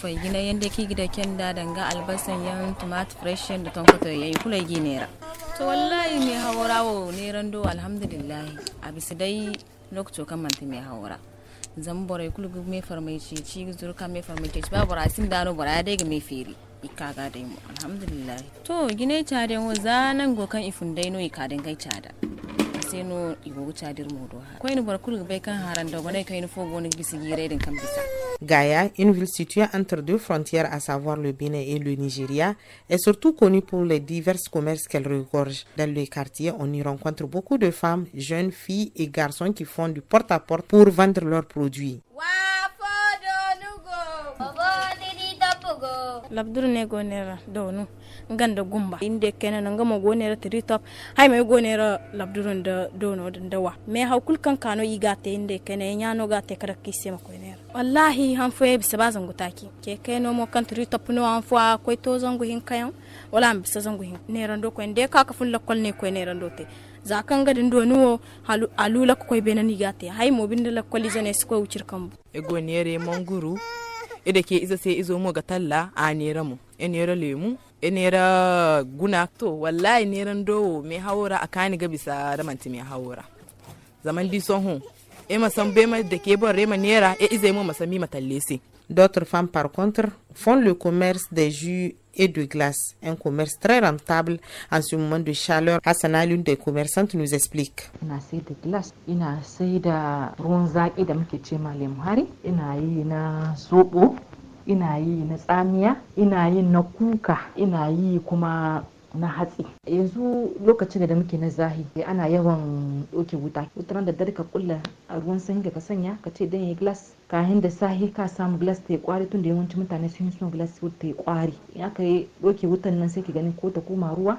fai gina yanda ke gida kyan da danga albasan yan tomato fresh da tonka ta yayi kula gi nera to wallahi mi hawrawo neran do alhamdulillah bisa dai lokacin kan manta mi hawra zan borai kulgu me farmaici ci kan me farmaici ba bora sin dano bora dai ga me feri ikaga dai mu alhamdulillah to gine caden wo zanan go kan ifun dai no ikaden gai cada sai no iwo cadir mu do ha koyin bar kulgu bai kan haran da gonai kayin fogo ne bisigire din kan bisa Gaya, une ville située entre deux frontières, à savoir le Bénin et le Nigeria, est surtout connue pour les divers commerces qu'elle regorge. Dans le quartier, on y rencontre beaucoup de femmes, jeunes filles et garçons qui font du porte-à-porte -porte pour vendre leurs produits. gogo labdur ne gonera donu ganda gumba inde kenan nga mo gonera tri top hay me gonera labdurun da dono nda wa me kul kan kano te inde kenan e ga te kara kisse ma gonera wallahi han fo yebi saba zangu taki ke keno mo kan tri top no han fo ko to zangu hin kayan wala am bisa zangu hin ne rando ko inde ka ka fun lakol ne ko ne rando te za kan ga dindo nuwo alula ko koy benani gate hay mo bindala kolizane ko wucir kambu e gonere manguru ida e ke iza sai izo mu ga talla a nera mu ya e nera lemu ya e nera guna to wallahi neran dowo mai haura a kani ga bisa ramanti me haura zaman di son hun e masan be ma da ke bon rema nera ya ize mu masami matalle se dr fan par contre fond le commerce des jus et de glace. Un commerce très rentable en ce moment de chaleur. Hassana, l'une des commerçantes, nous explique. Ina fait da glace, ina sai da ruwan zaƙi da muke ce ma lemhari, ina yi na zoɓo, ina yi na tsamiya, ina yi na kuka, ina yi kuma na hatsi yanzu lokacin da muke na zahi ana yawan doke wuta wutar da dare ka kulla a ruwan sanyi ka sanya ka ce dan ya glass kahin da sahi ka samu glass ta kwari tun da yawancin mutane sun yi son glass ta yi kwari in kai doke wutan nan sai ki gani ko ta koma ruwa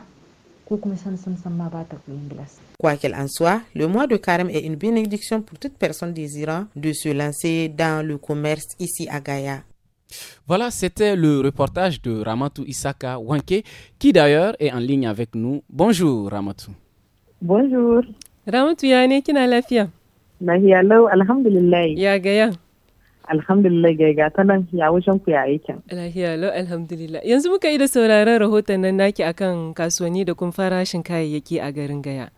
ko kuma san san san ma ba ta koyon glass Quoi qu'il en soit, le mois de carême est une bénédiction pour toute personne désirant de se lancer dans le commerce ici à Gaïa. Voilà, c'était le reportage de Ramatou Isaka Wanke, qui d'ailleurs est en ligne avec nous. Bonjour Ramatou. Bonjour. Ramatou, yane kina lafiya? La lau, alhamdulillah. Ya gaya? Alhamdulillah gaya ga ta ya wajen ku ya aikin. alhamdulillah. Yanzu muka yi da sauraron rahoton nan naki akan kasuwanni da kuma farashin kayayyaki a garin Gaya.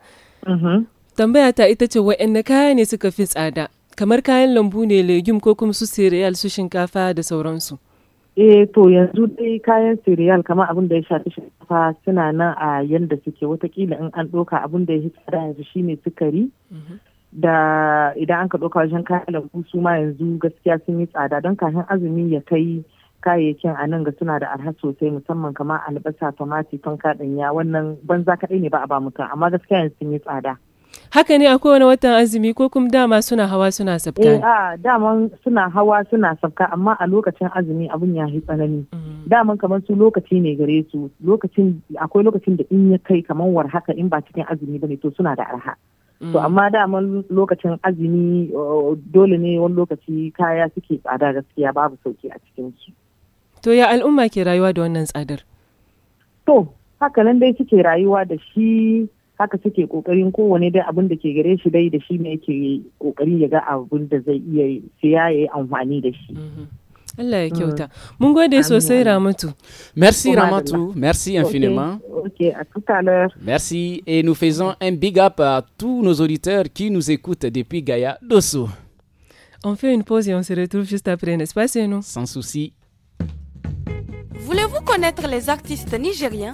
Mhm. Tambaya ta ita ce wa'anne kaya ne suka fi tsada? kamar kayan lambu ne legume ko kuma su cereal su shinkafa da sauransu eh to yanzu dai kayan cereal kamar abin da ya shafi shinkafa suna nan a yanda suke watakila in an ɗauka abin da ya fi tsada yanzu shine sukari mhm. da idan an ka ɗauka wajen kayan lambu su ma yanzu gaskiya sun yi tsada don kafin azumi ya kai kayayyakin a nan ga suna da arha sosai musamman kamar albasa tomati fanka kaɗanya wannan banza kaɗai ne ba a ba mutum amma gaskiya yanzu sun yi tsada. Haka ne a kowane watan azumi ko kuma dama suna hawa suna sabka? Eh a dama suna hawa suna sabka amma a lokacin azumi abun ya yi tsanani. Mm-hmm. dama kamar su lokaci ne gare su lokacin akwai lokacin da in ya kai kamar war haka in ba cikin azumi bane to suna da arha. To mm-hmm. amma daman lokacin azumi dole ne wani lokaci kaya suke tsada gaskiya babu sauki a cikin su. To ya al'umma ke rayuwa da wannan tsadar? To haka dai suke rayuwa da shi haka suke kokarin kowane dai abin da ke gare shi dai da shi ne yake kokari ya ga abin da zai iya siya ya yi amfani da shi mhm. Allah ya mm. kyauta mun gode sosai Ramatu merci Ramatu merci infiniment ok à tout à l'heure merci et nous faisons un big up à tous nos auditeurs qui nous écoutent depuis Gaïa Dosso on fait une pause et on se retrouve juste après n'est-ce pas c'est nous sans souci Voulez-vous connaître les artistes nigériens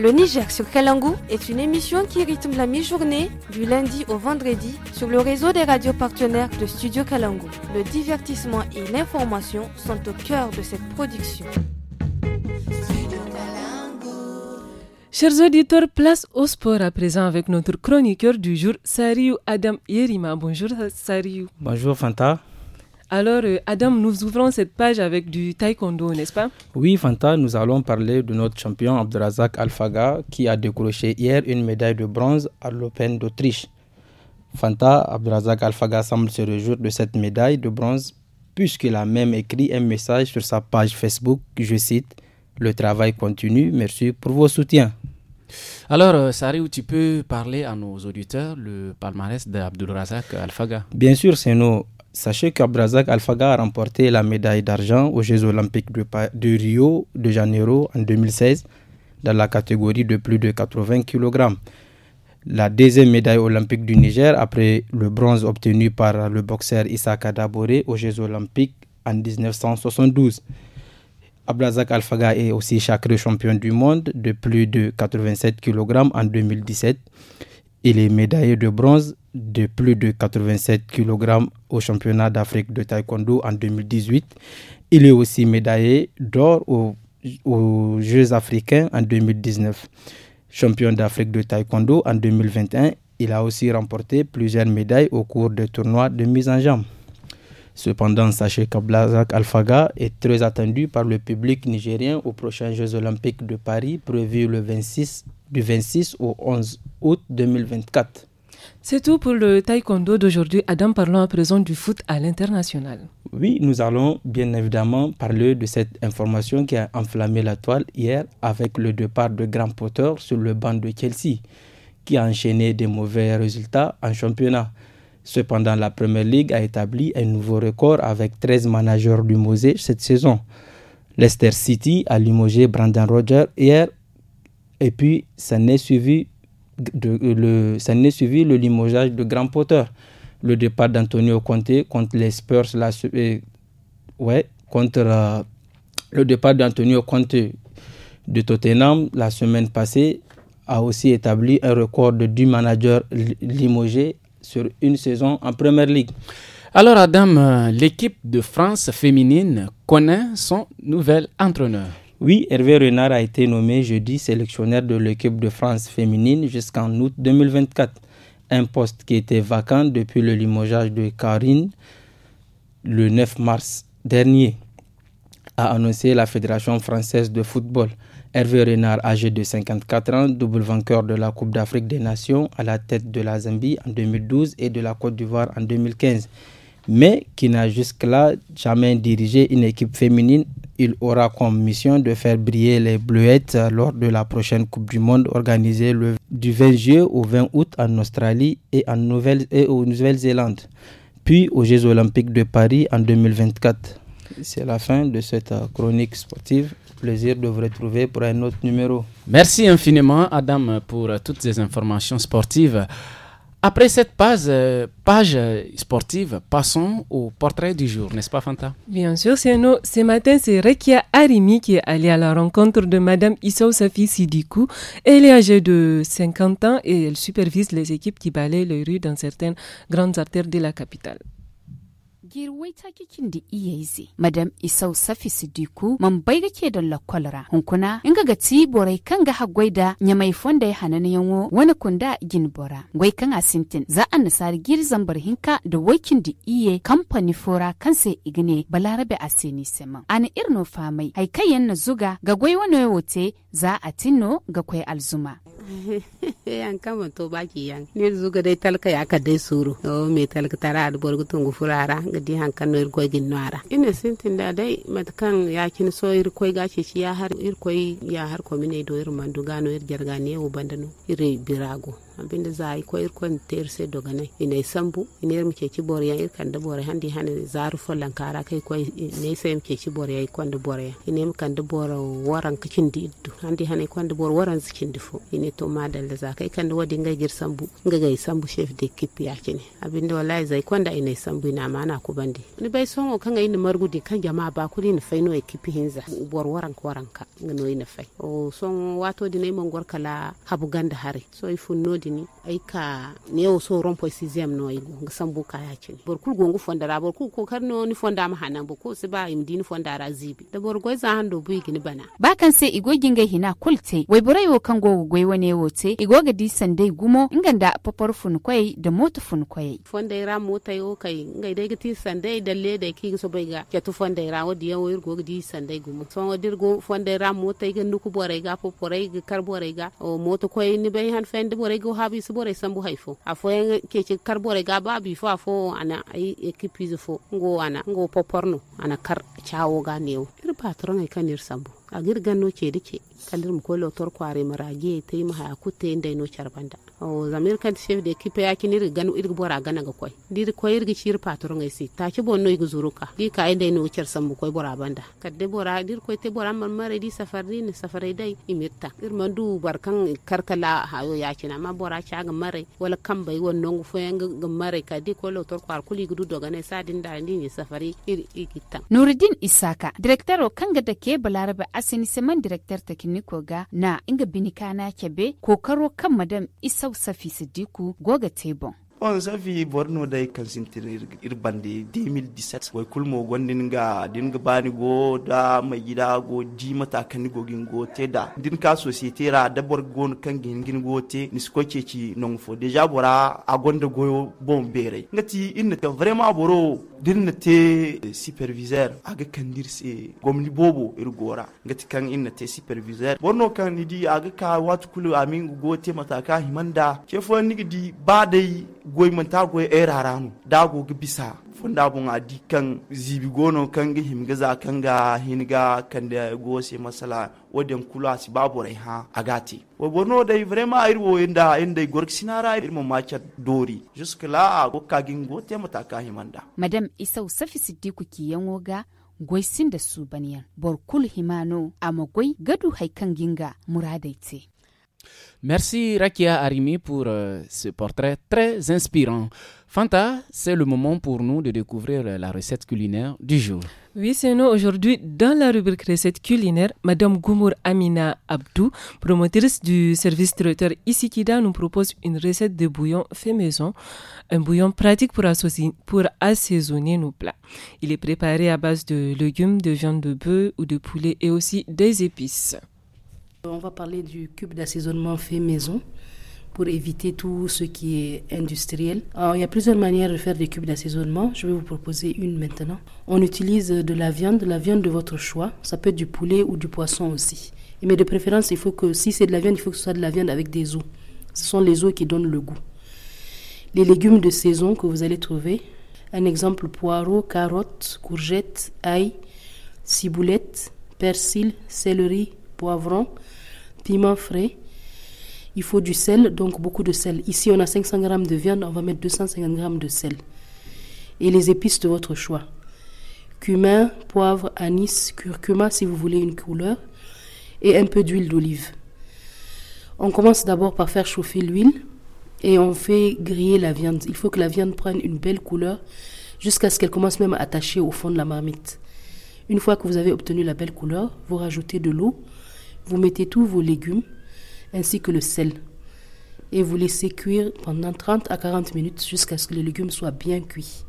Le Niger sur Kalangou est une émission qui rythme la mi-journée du lundi au vendredi sur le réseau des radios partenaires de Studio Kalangou. Le divertissement et l'information sont au cœur de cette production. Chers auditeurs, place au sport à présent avec notre chroniqueur du jour, Sariou Adam Yerima. Bonjour Sariou. Bonjour Fanta. Alors, euh, Adam, nous ouvrons cette page avec du taekwondo, n'est-ce pas Oui, Fanta, nous allons parler de notre champion Abdrazak Alfaga qui a décroché hier une médaille de bronze à l'Open d'Autriche. Fanta, Abdrazak Alfaga semble se réjouir de cette médaille de bronze puisqu'il a même écrit un message sur sa page Facebook, je cite, Le travail continue, merci pour vos soutiens. Alors, où euh, tu peux parler à nos auditeurs le palmarès d'Abdulrazak Alfaga Bien sûr, c'est nos Sachez qu'Abrazak Alfaga a remporté la médaille d'argent aux Jeux Olympiques de, Rio de Janeiro en 2016 dans la catégorie de plus de 80 kg. La deuxième médaille olympique du Niger après le bronze obtenu par le boxeur Issa Kadabore aux Jeux Olympiques en 1972. Abrazak Alfaga est aussi sacré champion du monde de plus de 87 kg en 2017. Il est médaillé de bronze de plus de 87 kg au championnat d'Afrique de taekwondo en 2018. Il est aussi médaillé d'or aux, Jeux africains en 2019. Champion d'Afrique de taekwondo en 2021, il a aussi remporté plusieurs médailles au cours de tournois de mise en jambe. Cependant, sachez qu'Ablazak Alfaga est très attendu par le public nigérien aux prochains Jeux olympiques de Paris prévus le 26, du 26 au 11 août 2024. C'est tout pour le taekwondo d'aujourd'hui. Adam, parlons à présent du foot à l'international. Oui, nous allons bien évidemment parler de cette information qui a enflammé la toile hier avec le départ de Grand Potter sur le banc de Chelsea, qui a enchaîné des mauvais résultats en championnat. Cependant, la Premier League a établi un nouveau record avec 13 managers du limogés cette saison. Leicester City a limogé Brandon Rogers hier et puis ça n'est suivi euh, le, ça suivi le limogeage de Grand Potter, le départ d'Antonio Conte contre les Spurs, la euh, contre euh, le départ d'Antonio Conte de Tottenham la semaine passée a aussi établi un record de manager limogé sur une saison en Première Ligue. Alors Adam, l'équipe de France féminine connaît son nouvel entraîneur. Oui, Hervé Renard a été nommé jeudi sélectionneur de l'équipe de France féminine jusqu'en août 2024, un poste qui était vacant depuis le limogeage de Karine le 9 mars dernier, a annoncé la Fédération française de football. Hervé Renard, âgé de 54 ans, double vainqueur de la Coupe d'Afrique des Nations à la tête de la Zambie en 2012 et de la Côte d'Ivoire en 2015, mais qui n'a jusque-là jamais dirigé une équipe féminine il aura comme mission de faire briller les bleuettes lors de la prochaine Coupe du Monde organisée du 20 juillet au 20 août en Australie et en Nouvelle Nouvelle-Zélande, puis aux Jeux Olympiques de Paris en 2024. C'est la fin de cette euh, chronique sportive. Plaisir de vous retrouver pour un autre numéro. Merci infiniment, Adam, pour euh, toutes ces informations sportives. Après cette page, euh, page euh, sportive, passons au portrait du jour, n'est-ce pas Fanta Bien sûr, c'est nous. Ce matin, c'est Rekia Arimi qui est allée à la rencontre de Madame Isso Safi Sidikou. Elle est âgée de 50 ans et elle supervise les équipes qui balayent les rues dans certaines grandes artères de la capitale. girwai ta kikin da zai madam isau safi sidiku man bai gake don lakwalara hunkuna in ga ti borai kan ga hagwai da nyamai mai fonda ya na yanwo wani kunda gin bora gwai kan asintin za a nasar girzan barhinka da waikin da iya kamfani fora kan sai igne balarabe a sini sema. an irno famai haikayen na zuga ga gwai wani wote za a tinno ga kwai alzuma [LAUGHS] yan kama to baki yan ne zuga dai talka ya ka dai suru o me talka tara al borgo tungu furara di han kan no irko gin nara ina sintin da dai kan ya kin so koi ga ce shi ya har koi ya har ko mine do ir mandu gano ir ne u bandano ir birago abinda za a yi ko irkon ter se doga nai ina sambu ina irmu ke ki yan irkan da boriya handi hani zaru fo kara kai ko ina se mu ke ki boriya ikon da boriya ina yi kan da bora waran kakin di iddu handi hani kwan da bor waran zikin di fo ina to ma da za kai kan da wadi nga gir sambu ngai gai sambu chef de kipi yakini abinda wallahi zai kwan da ina sambu ina na ku bandi ni bai songo kan ga ina margudi kan jama'a ba ku ni faino e kipi hinza bor waran ko waran ka no ina fai o son wato dinai mongor kala habu ganda hari so ifunno dini ai ka ne o so rompo poisi zem no ai ngi sambu ya ce bor kul gongu fonda ra bor ku ko kar no ni fonda ma hanan bo ko ba im dini fonda ra zibi da bor goi za hando bu igini bana ba kan se igo ginga hina kulte wai borai wo kan go goi wane wote igo ga di sandai gumo inganda popor fun kwai da moto fun kwai fonda ra mota yo kai ngai dai gati sandai dalle da ki so bai ga ke tu fonda ra wodi yan wo irgo di sandai gumo so wodi irgo fonda ra mota ga nuku borai ga poporai ga kar borai ga o moto kwai ni bai han fendi borai go bi su bore sambu haifo afo ke keke kar bore ga ba bi fo fo ana ay ekipi fo ngo ana ngo poporno ana kar chawo ga new ir patron ay kanir sambu agir ganno cedi ke kalir ko lotor kware marage te ma ha kutte ndai no charbanda o zamir kan chef de kipe ya kinir ganu irg bora gana ga koy dir koy irgi shir patron ngai si ta ci bonno ig zuruka di ka ndai no char mu koy bora banda kadde bora dir koy te bora man mare di safarri ne safare dai imirta ir mandu barkan karkala hayo ya kina ma bora cha ga mare wala kan bai wonno ngu foyang ga mare kadde ko lotor kwar kuli gudu doga ne sadin da ni safari ir igitta nuruddin isaka director kanga da ke balarabe assainissement directeur technique ga na inga binika na kebe kokaro kan madam isau safi sidiku goga tebon on safi borno dai kan sintir irbande 2017 wai kulmo gondin ga din ga bani go da mai gida go ji mata kan go go te da din ka societe ra da bor gon kan gin gin go te ni sko ke ci non fo deja bora a gonda go bon bere ngati in ta vraiment boro dirna te superviseur aga kan dirse gomni bobo irgora ngati kan inna te superviseur borno kan idi aga ka wat kulu amin go te mataka himanda ke fo nigi di badai goy manta goy eraranu dago ga bisa funda bun a kan zibi gono kan ga himga za kan ga hinga kan da gose masala wadan kula si babu rai ha gati wai bono da vraiment ayir wo inda inda gork sinara ayir mu macha dori jusque la go kagin gin gote mata ka himanda madam isau safi siddiku ki yanwoga gwaisin da su baniyan borkul himano amagwai gadu haikan ginga muradaice Merci Rakia Arimi pour euh, ce portrait très inspirant. Fanta, c'est le moment pour nous de découvrir euh, la recette culinaire du jour. Oui, c'est nous aujourd'hui dans la rubrique recette culinaire. Madame Goumour Amina Abdou, promotrice du service traiteur Isikida, nous propose une recette de bouillon fait maison, un bouillon pratique pour assaisonner nos plats. Il est préparé à base de légumes, de viande de bœuf ou de poulet et aussi des épices. On va parler du cube d'assaisonnement fait maison pour éviter tout ce qui est industriel. Alors, il y a plusieurs manières de faire des cubes d'assaisonnement. Je vais vous proposer une maintenant. On utilise de la viande, la viande de votre choix. Ça peut être du poulet ou du poisson aussi. Mais de préférence, il faut que si c'est de la viande, il faut que ce soit de la viande avec des os. Ce sont les os qui donnent le goût. Les légumes de saison que vous allez trouver. Un exemple poireaux, carottes, courgettes, ail, ciboulette, persil, céleri, poivron, piment frais. Il faut du sel, donc beaucoup de sel. Ici, on a 500 g de viande, on va mettre 250 g de sel. Et les épices de votre choix. Cumin, poivre, anis, curcuma si vous voulez une couleur. Et un peu d'huile d'olive. On commence d'abord par faire chauffer l'huile et on fait griller la viande. Il faut que la viande prenne une belle couleur jusqu'à ce qu'elle commence même à attacher au fond de la marmite. Une fois que vous avez obtenu la belle couleur, vous rajoutez de l'eau vous mettez tous vos légumes ainsi que le sel et vous laissez cuire pendant 30 à 40 minutes jusqu'à ce que les légumes soient bien cuits.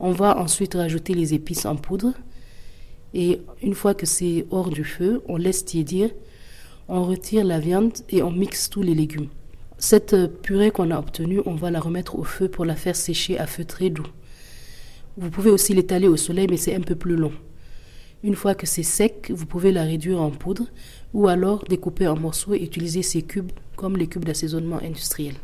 On va ensuite rajouter les épices en poudre et une fois que c'est hors du feu, on laisse tiédir, on retire la viande et on mixe tous les légumes. Cette purée qu'on a obtenue, on va la remettre au feu pour la faire sécher à feu très doux. Vous pouvez aussi l'étaler au soleil, mais c'est un peu plus long. Une fois que c'est sec, vous pouvez la réduire en poudre ou alors découper en morceaux et utiliser ces cubes comme les cubes d'assaisonnement industriel.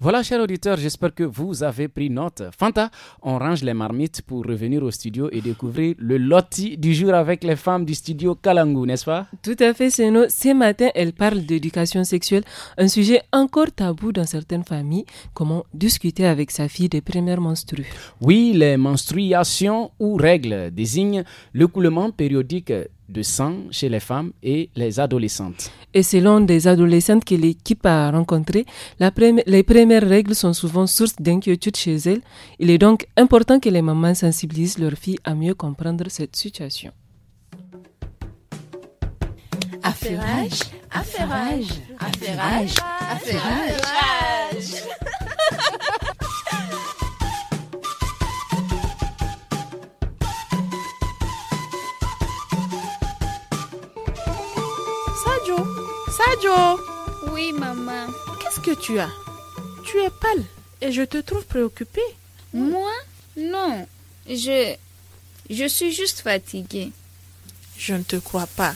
Voilà, chers auditeurs, j'espère que vous avez pris note. Fanta, on range les marmites pour revenir au studio et découvrir le loti du jour avec les femmes du studio Kalangu, n'est-ce pas Tout à fait, Seno. Ce matin, elle parle d'éducation sexuelle, un sujet encore tabou dans certaines familles. Comment discuter avec sa fille des premières menstrues Oui, les menstruations ou règles désignent l'écoulement périodique de sang chez les femmes et les adolescentes. Et selon des adolescentes que l'équipe a rencontrées, les premières règles sont souvent source d'inquiétude chez elles. Il est donc important que les mamans sensibilisent leurs filles à mieux comprendre cette situation. Affairage, affairage, affairage, affairage. Oui, maman. Qu'est-ce que tu as Tu es pâle et je te trouve préoccupée. Hmm. Moi Non. Je. Je suis juste fatiguée. Je ne te crois pas.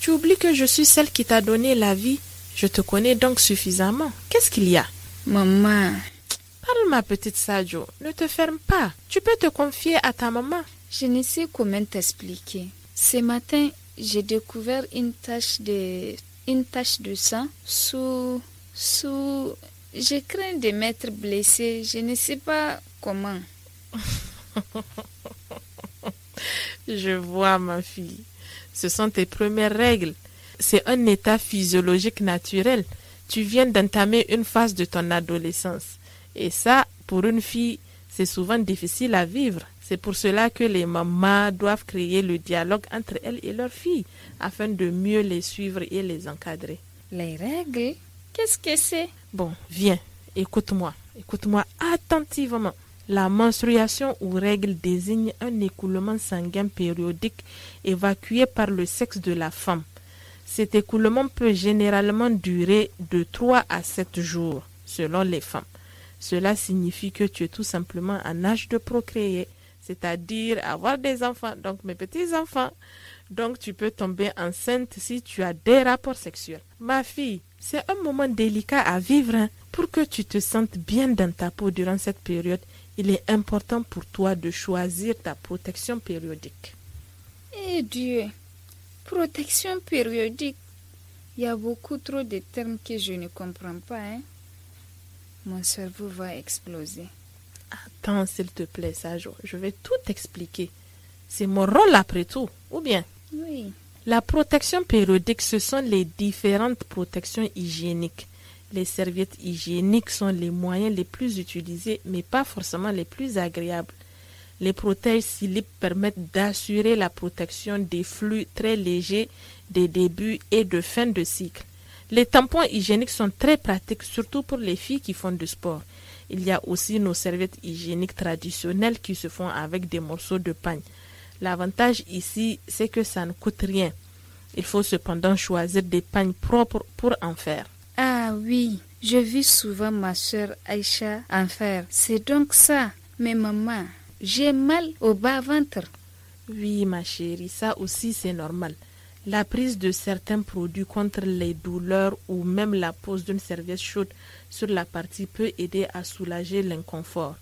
Tu oublies que je suis celle qui t'a donné la vie. Je te connais donc suffisamment. Qu'est-ce qu'il y a Maman. Parle, ma petite Sajo. Ne te ferme pas. Tu peux te confier à ta maman. Je ne sais comment t'expliquer. Ce matin, j'ai découvert une tache de une tache de sang sous, sous, je crains de m'être blessé je ne sais pas comment. [LAUGHS] je vois ma fille, ce sont tes premières règles. C'est un état physiologique naturel. Tu viens d'entamer une phase de ton adolescence. Et ça, pour une fille, c'est souvent difficile à vivre. C'est pour cela que les mamans doivent créer le dialogue entre elles et leurs filles afin de mieux les suivre et les encadrer. Les règles Qu'est-ce que c'est Bon, viens, écoute-moi. Écoute-moi attentivement. La menstruation ou règle désigne un écoulement sanguin périodique évacué par le sexe de la femme. Cet écoulement peut généralement durer de 3 à 7 jours, selon les femmes. Cela signifie que tu es tout simplement en âge de procréer c'est-à-dire avoir des enfants, donc mes petits-enfants. Donc tu peux tomber enceinte si tu as des rapports sexuels. Ma fille, c'est un moment délicat à vivre. Hein. Pour que tu te sentes bien dans ta peau durant cette période, il est important pour toi de choisir ta protection périodique. Eh Dieu, protection périodique. Il y a beaucoup trop de termes que je ne comprends pas. Hein? Mon cerveau va exploser. Attends, s'il te plaît, Sajo, je vais tout t'expliquer. C'est mon rôle après tout, ou bien Oui. La protection périodique, ce sont les différentes protections hygiéniques. Les serviettes hygiéniques sont les moyens les plus utilisés, mais pas forcément les plus agréables. Les protèges slip permettent d'assurer la protection des flux très légers des débuts et de fin de cycle. Les tampons hygiéniques sont très pratiques, surtout pour les filles qui font du sport. Il y a aussi nos serviettes hygiéniques traditionnelles qui se font avec des morceaux de pagne. L'avantage ici, c'est que ça ne coûte rien. Il faut cependant choisir des pagnes propres pour en faire. Ah oui, je vis souvent ma soeur Aïcha en faire. C'est donc ça. Mais maman, j'ai mal au bas-ventre. Oui, ma chérie, ça aussi c'est normal. La prise de certains produits contre les douleurs ou même la pose d'une serviette chaude sur la partie peut aider à soulager l'inconfort.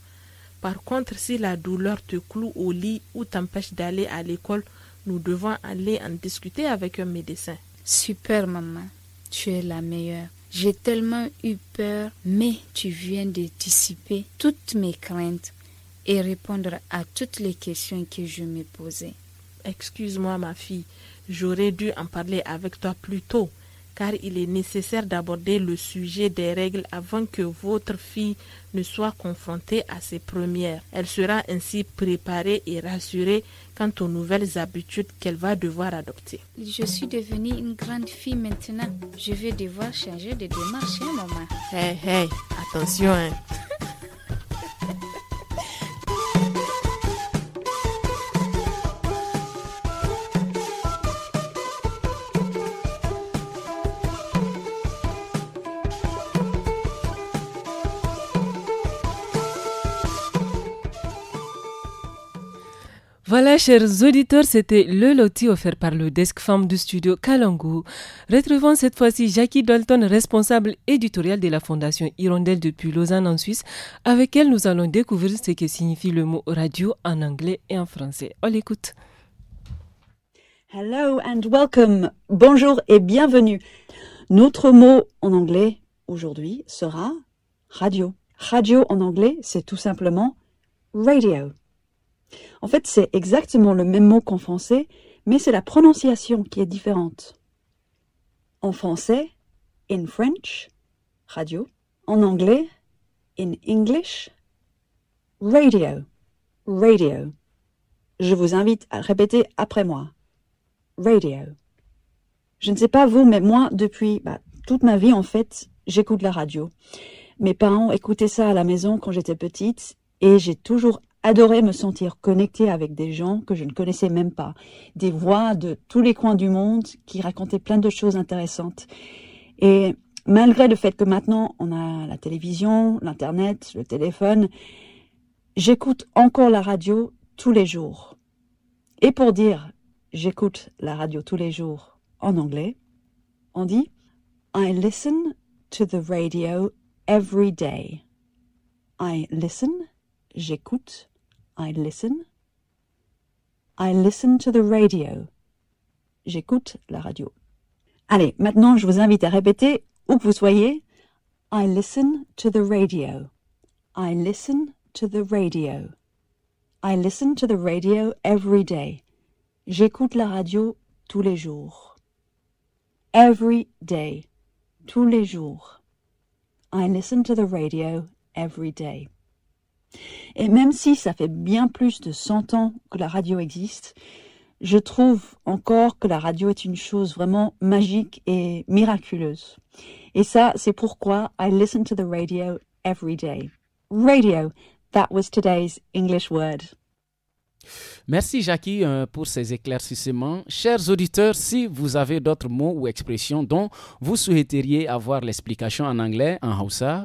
Par contre, si la douleur te cloue au lit ou t'empêche d'aller à l'école, nous devons aller en discuter avec un médecin. Super maman, tu es la meilleure. J'ai tellement eu peur, mais tu viens de dissiper toutes mes craintes et répondre à toutes les questions que je me posais. Excuse-moi ma fille, J'aurais dû en parler avec toi plus tôt, car il est nécessaire d'aborder le sujet des règles avant que votre fille ne soit confrontée à ses premières. Elle sera ainsi préparée et rassurée quant aux nouvelles habitudes qu'elle va devoir adopter. Je suis devenue une grande fille maintenant. Je vais devoir changer de démarche, hein, maman. Hey, hey, attention. Hein. Voilà, chers auditeurs, c'était le loti offert par le desk femme du studio Kalangu. Retrouvons cette fois-ci Jackie Dalton, responsable éditoriale de la Fondation Hirondelle depuis Lausanne en Suisse. Avec elle, nous allons découvrir ce que signifie le mot radio en anglais et en français. On l'écoute. Hello and welcome. Bonjour et bienvenue. Notre mot en anglais aujourd'hui sera radio. Radio en anglais, c'est tout simplement radio. En fait, c'est exactement le même mot qu'en français, mais c'est la prononciation qui est différente. En français, in French, radio. En anglais, in English, radio, radio. Je vous invite à répéter après moi. Radio. Je ne sais pas vous, mais moi, depuis bah, toute ma vie, en fait, j'écoute la radio. Mes parents écoutaient ça à la maison quand j'étais petite et j'ai toujours adoré me sentir connectée avec des gens que je ne connaissais même pas, des voix de tous les coins du monde qui racontaient plein de choses intéressantes. Et malgré le fait que maintenant on a la télévision, l'internet, le téléphone, j'écoute encore la radio tous les jours. Et pour dire j'écoute la radio tous les jours en anglais, on dit I listen to the radio every day. I listen, j'écoute, I listen. I listen to the radio. J'écoute la radio. Allez, maintenant je vous invite à répéter, où que vous soyez, I listen to the radio. I listen to the radio. I listen to the radio every day. J'écoute la radio tous les jours. Every day. Tous les jours. I listen to the radio every day. Et même si ça fait bien plus de 100 ans que la radio existe, je trouve encore que la radio est une chose vraiment magique et miraculeuse. Et ça, c'est pourquoi I listen to the radio every day. Radio, that was today's English word. Merci Jackie euh, pour ces éclaircissements. Chers auditeurs, si vous avez d'autres mots ou expressions dont vous souhaiteriez avoir l'explication en anglais, en Hausa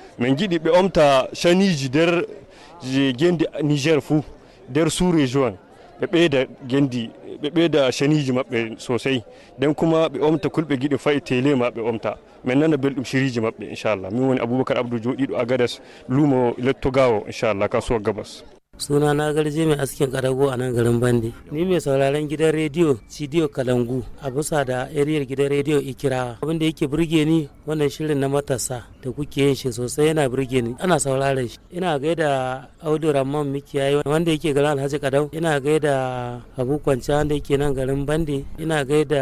min giɗi ɓe omta chaniji nder gendi niger fu nder sous région ɓe ɓeyda gendi ɓe ɓeyda chaniji maɓɓe sosai nden kuma ɓe omta kulɓe giɗi fayi télé ma ɓe omta min nana belɗum siriji maɓɓe inchallah min woni aboubacar abdou joɗiɗo agadas lumo lettogawo inchallah so gabas suna na garje mai askin karago a nan garin bandi ni mai sauraron gidan rediyo cidiyo kalangu a bisa da ariyar gidan rediyo ikira abin da yake burge ni wannan shirin na matasa da kuke yin shi sosai yana burge ni ana sauraron shi ina gaida audu ramman mikiyayi wanda yake garin alhaji kadau ina gaida abu kwanciya wanda yake nan garin bandi ina gaida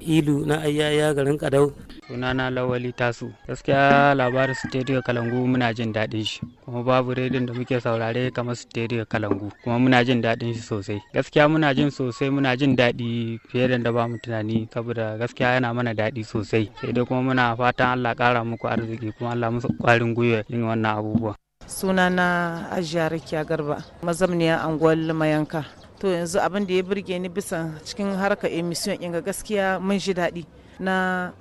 ilu na ayyaya garin kadau sunana lawali tasu gaskiya labarin studio kalangu muna jin daɗin shi kuma babu rediyon da muke saurare kamar daga kalangu kuma muna jin daɗin shi sosai gaskiya muna jin sosai muna jin daɗi fiye da da ba mu tunani saboda gaskiya yana mana daɗi sosai sai dai kuma muna fatan Allah ƙara muku arziki kuma Allah musu ƙwarin gwiwa yin wannan abubuwa sunana ajiya rakiya garba mazamniya anguwar mayanka to yanzu abin da ya burge ni bisa cikin harkar emission inga gaskiya mun ji daɗi na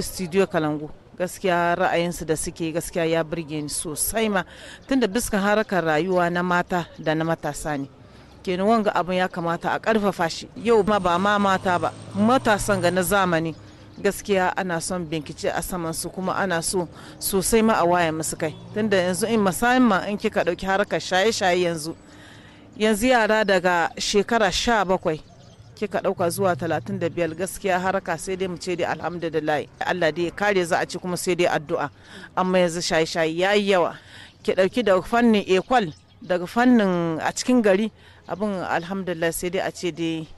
studio kalangu gaskiya ra'ayinsu da suke gaskiya ya burge ni sosai ma tunda biskan harkar rayuwa na mata da na matasa ne kenan wanga abin ya kamata a karfafa shi yau ma ba ma mata ba matasan ga na zamani gaskiya ana son binkice a saman su kuma ana so sosai ma a wayan musu kai tunda yanzu in musamman in kika dauki harkar shaye-shaye yanzu yanzu yara daga shekara sha bakwai kika dauka zuwa 35 gaskiya haraka sai dai mu ce dai alhamdulillah Allah dai kare za a ci kuma sai dai addu'a amma yanzu shayi shayi yi yawa ki dauki da fannin ekwal daga fannin a cikin gari abin alhamdulillah sai dai a ce dai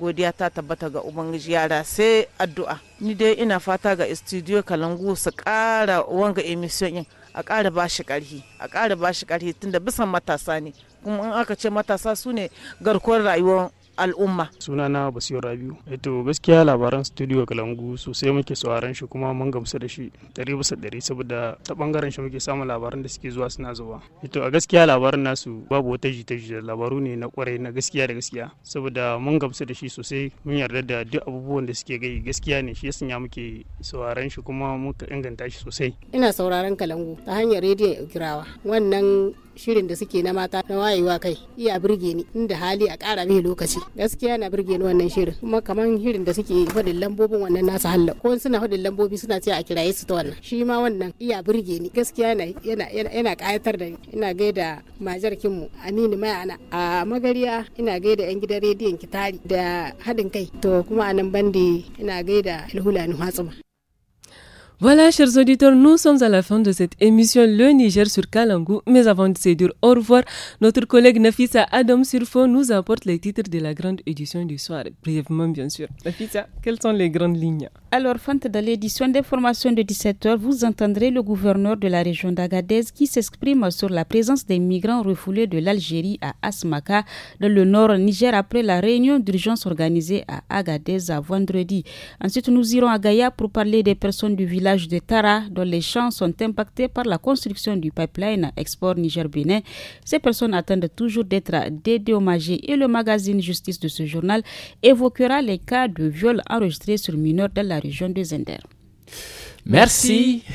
godiya ta tabbata ga ubangiji yara sai addu'a ni dai ina fata ga studio kalangu su kara wanga emission yin a ƙara ba shi ƙarfi a ƙara ba shi ƙarfi tunda bisan matasa ne kuma in aka ce matasa su ne garkuwar rayuwar al'umma. Sunana Basiru Rabiu. Eto eh gaskiya labaran studio Kalangu sosai muke sauraron shi kuma mun gamsu da shi ɗari bisa ɗari saboda ta bangaren shi muke samun labaran da suke zuwa suna zuwa. Eto eh a gaskiya labaran nasu babu wata jita jita labaru ne na kwarai na gaskiya da gaskiya saboda mun gamsu da shi sosai mun yarda da duk abubuwan da suke gai gaskiya ne shi ya sanya muke sauraron shi kuma muka inganta shi sosai. Ina sauraron Kalangu ta hanyar rediyon Ikirawa wannan shirin da suke na mata na wayewa kai iya birge ni inda hali a kara mai lokaci gaskiya na birge ni wannan shirin kuma kaman shirin da suke faɗin lambobin wannan nasu halla ko suna faɗin lambobi suna cewa a kiraye su ta wannan shi ma wannan iya birge ni gaskiya yana yana yana ƙayatar da ni ina gaida majar kinmu Aminu ana a Magariya ina gaida yan gidan rediyon Kitari da haɗin kai to kuma a nan bandi ina gaida Alhula hatsuma. Voilà, chers auditeurs, nous sommes à la fin de cette émission Le Niger sur Kalangou. Mais avant de se dire au revoir, notre collègue Nafisa Adam Surfo nous apporte les titres de la grande édition du soir. Brièvement, bien sûr. Nafisa, quelles sont les grandes lignes Alors, fin de l'édition d'information de 17h, vous entendrez le gouverneur de la région d'Agadez qui s'exprime sur la présence des migrants refoulés de l'Algérie à Asmaka, dans le nord Niger, après la réunion d'urgence organisée à Agadez à vendredi. Ensuite, nous irons à Gaïa pour parler des personnes du village de Tara, dont les champs sont impactés par la construction du pipeline Export Niger-Bénin. Ces personnes attendent toujours d'être dédommagées et le magazine Justice de ce journal évoquera les cas de viol enregistrés sur mineurs dans la région de Zender. Merci. [LAUGHS]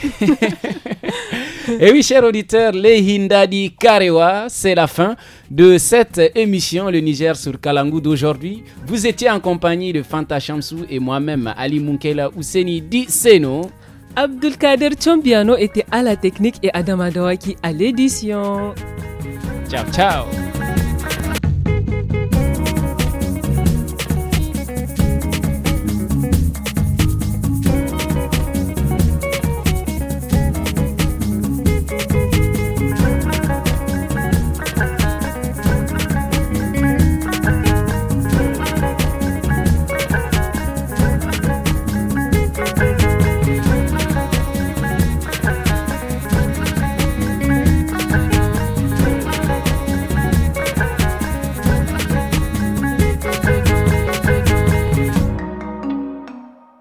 Et oui, chers auditeurs, les Hindadi Karewa, c'est la fin de cette émission Le Niger sur Kalangou d'aujourd'hui. Vous étiez en compagnie de Fanta Chamsou et moi-même, Ali Munkela Ouseni Di Seno. Abdulkader Chombiano était à la technique et Adam Adawaki à l'édition. Ciao, ciao